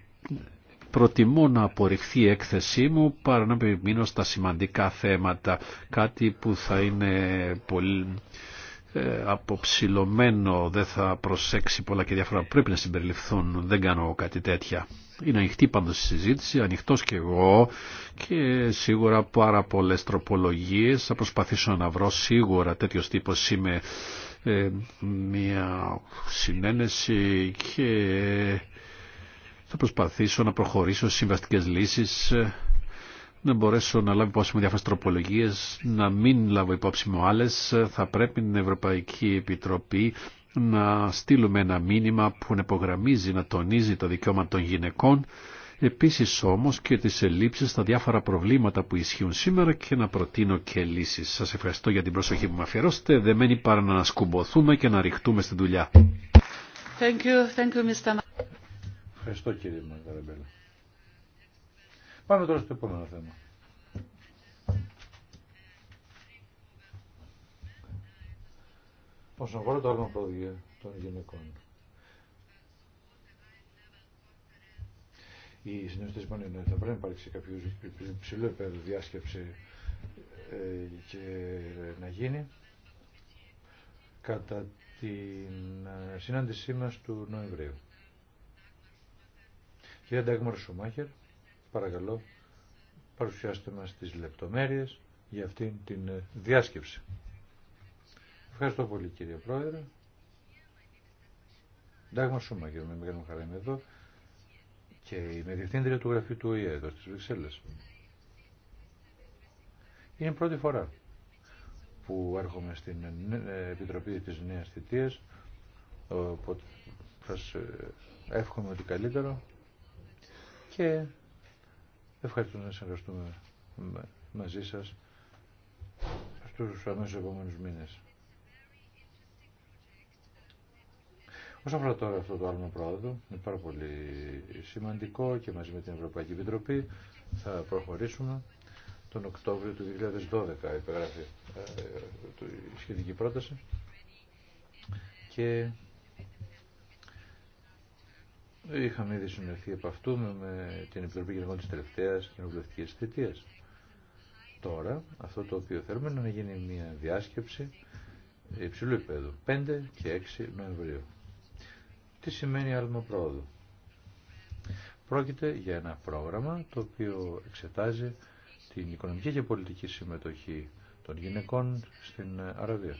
Προτιμώ να απορριφθεί η έκθεσή μου παρά να επιμείνω στα σημαντικά θέματα. Κάτι που θα είναι πολύ ε, αποψηλωμένο, δεν θα προσέξει πολλά και διάφορα. Πρέπει να συμπεριληφθούν, δεν κάνω κάτι τέτοια. Είναι ανοιχτή πάντως η συζήτηση, ανοιχτός και εγώ και σίγουρα πάρα πολλές τροπολογίες. Θα προσπαθήσω να βρω σίγουρα τέτοιος τύπος είμαι ε, μια συνένεση και θα προσπαθήσω να προχωρήσω στις συμβαστικές λύσεις, να μπορέσω να λάβω υπόψη μου διάφορες τροπολογίες, να μην λάβω υπόψη με άλλες. Θα πρέπει την Ευρωπαϊκή Επιτροπή να στείλουμε ένα μήνυμα που να υπογραμμίζει, να τονίζει τα δικαιώματα των γυναικών, επίσης όμως και τις ελλείψεις στα διάφορα προβλήματα που ισχύουν σήμερα και να προτείνω και λύσεις. Σας ευχαριστώ για την προσοχή που με αφιερώσετε, δεν μένει παρά να σκουμποθούμε και να ρηχτούμε στη δουλειά. Ευχαριστώ κύριε Μαγκαραμπέλα. Πάμε τώρα στο επόμενο θέμα. Όσον αφορά το άρμα πρόδια των γυναικών. Οι συνεργαστές πάνε να θα πρέπει να υπάρξει κάποιο ψηλό επίπεδο διάσκεψη ε, και να γίνει κατά την συνάντησή μας του Νοεμβρίου. Κύριε Ντάγμαρ Σουμάχερ, παρακαλώ, παρουσιάστε μας τις λεπτομέρειες για αυτήν την ε, διάσκεψη. Ευχαριστώ πολύ κύριε Πρόεδρε. Ντάγμαρ Σουμάχερ, με μεγάλη μου χαρά είμαι εδώ και είμαι διευθύντρια του γραφείου του ΟΗΕ εδώ στις Βρυξέλλες. Είναι πρώτη φορά που έρχομαι στην ε, ε, Επιτροπή της Νέας Θητείας, οπότε σας εύχομαι ότι καλύτερο και ευχαριστούμε να συνεργαστούμε μαζί σας στους αμέσως επόμενους μήνες. Όσον αφορά τώρα αυτό το άλλο πρόοδο, είναι πάρα πολύ σημαντικό και μαζί με την Ευρωπαϊκή Επιτροπή θα προχωρήσουμε. Τον Οκτώβριο του 2012 υπεγράφει ε, ε, η σχετική πρόταση και Είχαμε ήδη συνεχθεί από αυτού με την Επιτροπή Γενικών της τελευταίας κοινοβουλευτικής θητείας. Τώρα, αυτό το οποίο θέλουμε είναι να γίνει μια διάσκεψη υψηλού επίπεδου, 5 και 6 Νοεμβρίου. Τι σημαίνει άλμα πρόοδου. Πρόκειται για ένα πρόγραμμα το οποίο εξετάζει την οικονομική και πολιτική συμμετοχή των γυναικών στην Αραβία.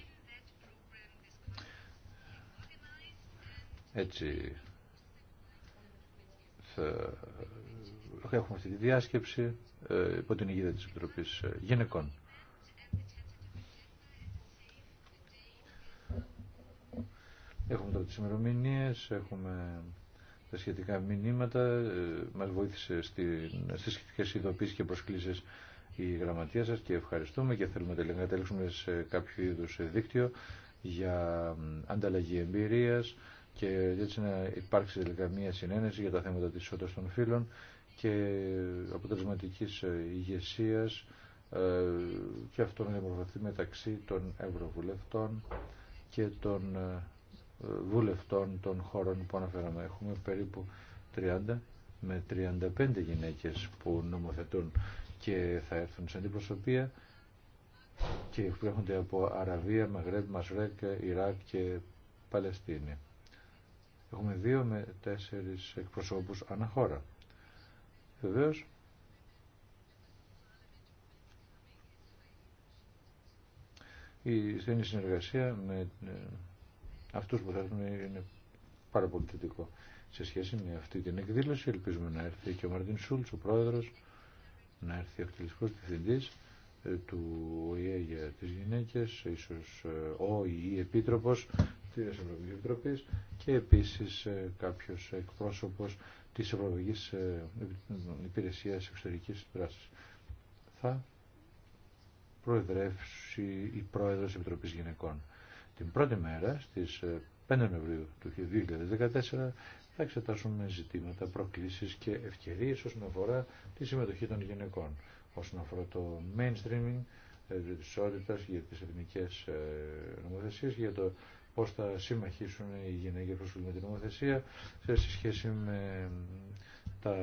Έτσι έχουμε αυτή τη διάσκεψη ε, υπό την ηγίδα της Επιτροπής ε, Γυναικών. Έχουμε τώρα τις ημερομηνίες, έχουμε τα σχετικά μηνύματα, ε, μας βοήθησε στη, στις σχετικές ειδοποίησεις και προσκλήσεις η γραμματεία σας και ευχαριστούμε και θέλουμε τελικά να καταλήξουμε σε κάποιο είδους δίκτυο για ανταλλαγή εμπειρίας, και έτσι να υπάρξει τελικά μια συνένεση για τα θέματα της ισότητας των φύλων και αποτελεσματικής ηγεσία ε, και αυτό να διαμορφωθεί μεταξύ των ευρωβουλευτών και των ε, βουλευτών των χώρων που αναφέραμε. Έχουμε περίπου 30 με 35 γυναίκες που νομοθετούν και θα έρθουν σε αντιπροσωπεία και έρχονται από Αραβία, Μαγρέμπ, Μασρέκ, Ιράκ και Παλαιστίνη. Έχουμε δύο με τέσσερις εκπροσώπους αναχώρα. Βεβαίως, η στενή συνεργασία με ε, αυτούς που θα έρθουν είναι πάρα πολύ θετικό. Σε σχέση με αυτή την εκδήλωση ελπίζουμε να έρθει και ο Μαρτίν Σούλτς, ο πρόεδρος, να έρθει ο εκτελεστικός διευθυντής ε, του ΟΗΕ για τις γυναίκες, ίσως ε, ο ή επίτροπος τη Ευρωπαϊκής Επιτροπής και επίσης ε, κάποιος εκπρόσωπος της Ευρωπαϊκής ε, Υπηρεσίας Εξωτερικής Δράσης. Θα προεδρεύσει η Πρόεδρος Επιτροπής Γυναικών. Την πρώτη μέρα, στις 5 ε, Νοεμβρίου του 2014, θα εξετάσουμε ζητήματα, προκλήσεις και ευκαιρίες όσον αφορά τη συμμετοχή των γυναικών. Όσον αφορά το mainstreaming, τη ισότητα για τις εθνικές νομοθεσίες, για το πώς θα συμμαχήσουν οι γυναίκες προς την νομοθεσία σε σχέση με τα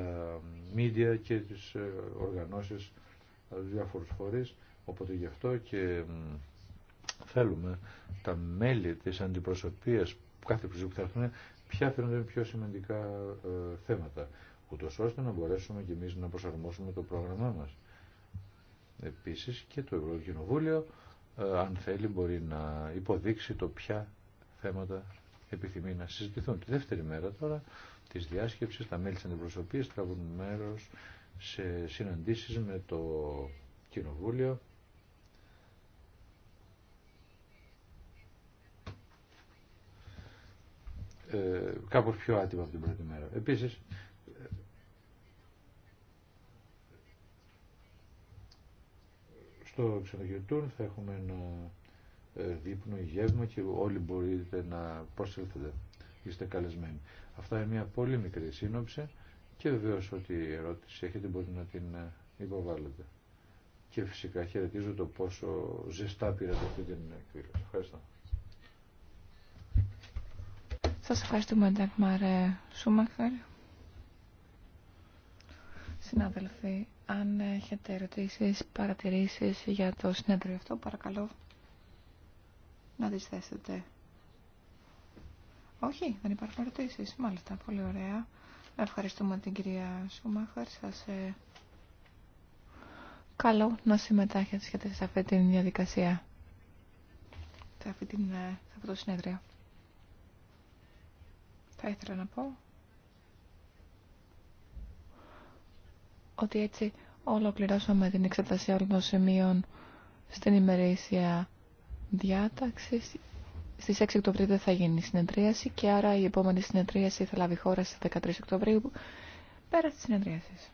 μίντια και τις ε, οργανώσεις διάφορους φορεί Οπότε γι' αυτό και θέλουμε τα μέλη της αντιπροσωπείας κάθε πρόσφυγη που θα έρθουν ποια πιο σημαντικά ε, θέματα ούτως ώστε να μπορέσουμε και εμείς να προσαρμόσουμε το πρόγραμμά μας. Επίσης και το Ευρωκοινοβούλιο ε, αν θέλει μπορεί να υποδείξει το ποια θέματα επιθυμεί να συζητηθούν. Τη δεύτερη μέρα τώρα τις διάσκεψης τα μέλη της αντιπροσωπείας τραβούν μέρος σε συναντήσεις με το Κοινοβούλιο ε, κάπως πιο άτυπα από την πρώτη μέρα. Επίσης, στο ξενοδοχείο θα έχουμε ένα ε, δείπνο, γεύμα και όλοι μπορείτε να προσέλθετε. Είστε καλεσμένοι. Αυτά είναι μια πολύ μικρή σύνοψη και βεβαίω ό,τι ερώτηση έχετε μπορείτε να την ε, υποβάλλετε. Και φυσικά χαιρετίζω το πόσο ζεστά πήρατε αυτή την εκδήλωση. Ευχαριστώ. Σας ευχαριστούμε, Ντάκμαρ Σούμαχερ. Συνάδελφοι, αν έχετε ερωτήσεις, παρατηρήσεις για το συνέδριο αυτό, παρακαλώ να τις θέσετε. Όχι, δεν υπάρχουν ερωτήσει. Μάλιστα, πολύ ωραία. Ευχαριστούμε την κυρία Σούμαχαρ. Σας ε... να συμμετάχετε σε αυτή τη διαδικασία, σε, αυτή την, ε, σε αυτό το συνέδριο. Θα ήθελα να πω ότι έτσι ολοκληρώσαμε την εξετασία όλων των σημείων στην ημερήσια διάταξη στις 6 Οκτωβρίου δεν θα γίνει η συνεδρίαση και άρα η επόμενη συνεδρίαση θα λάβει χώρα στι 13 Οκτωβρίου πέρα της συνεδρίασης.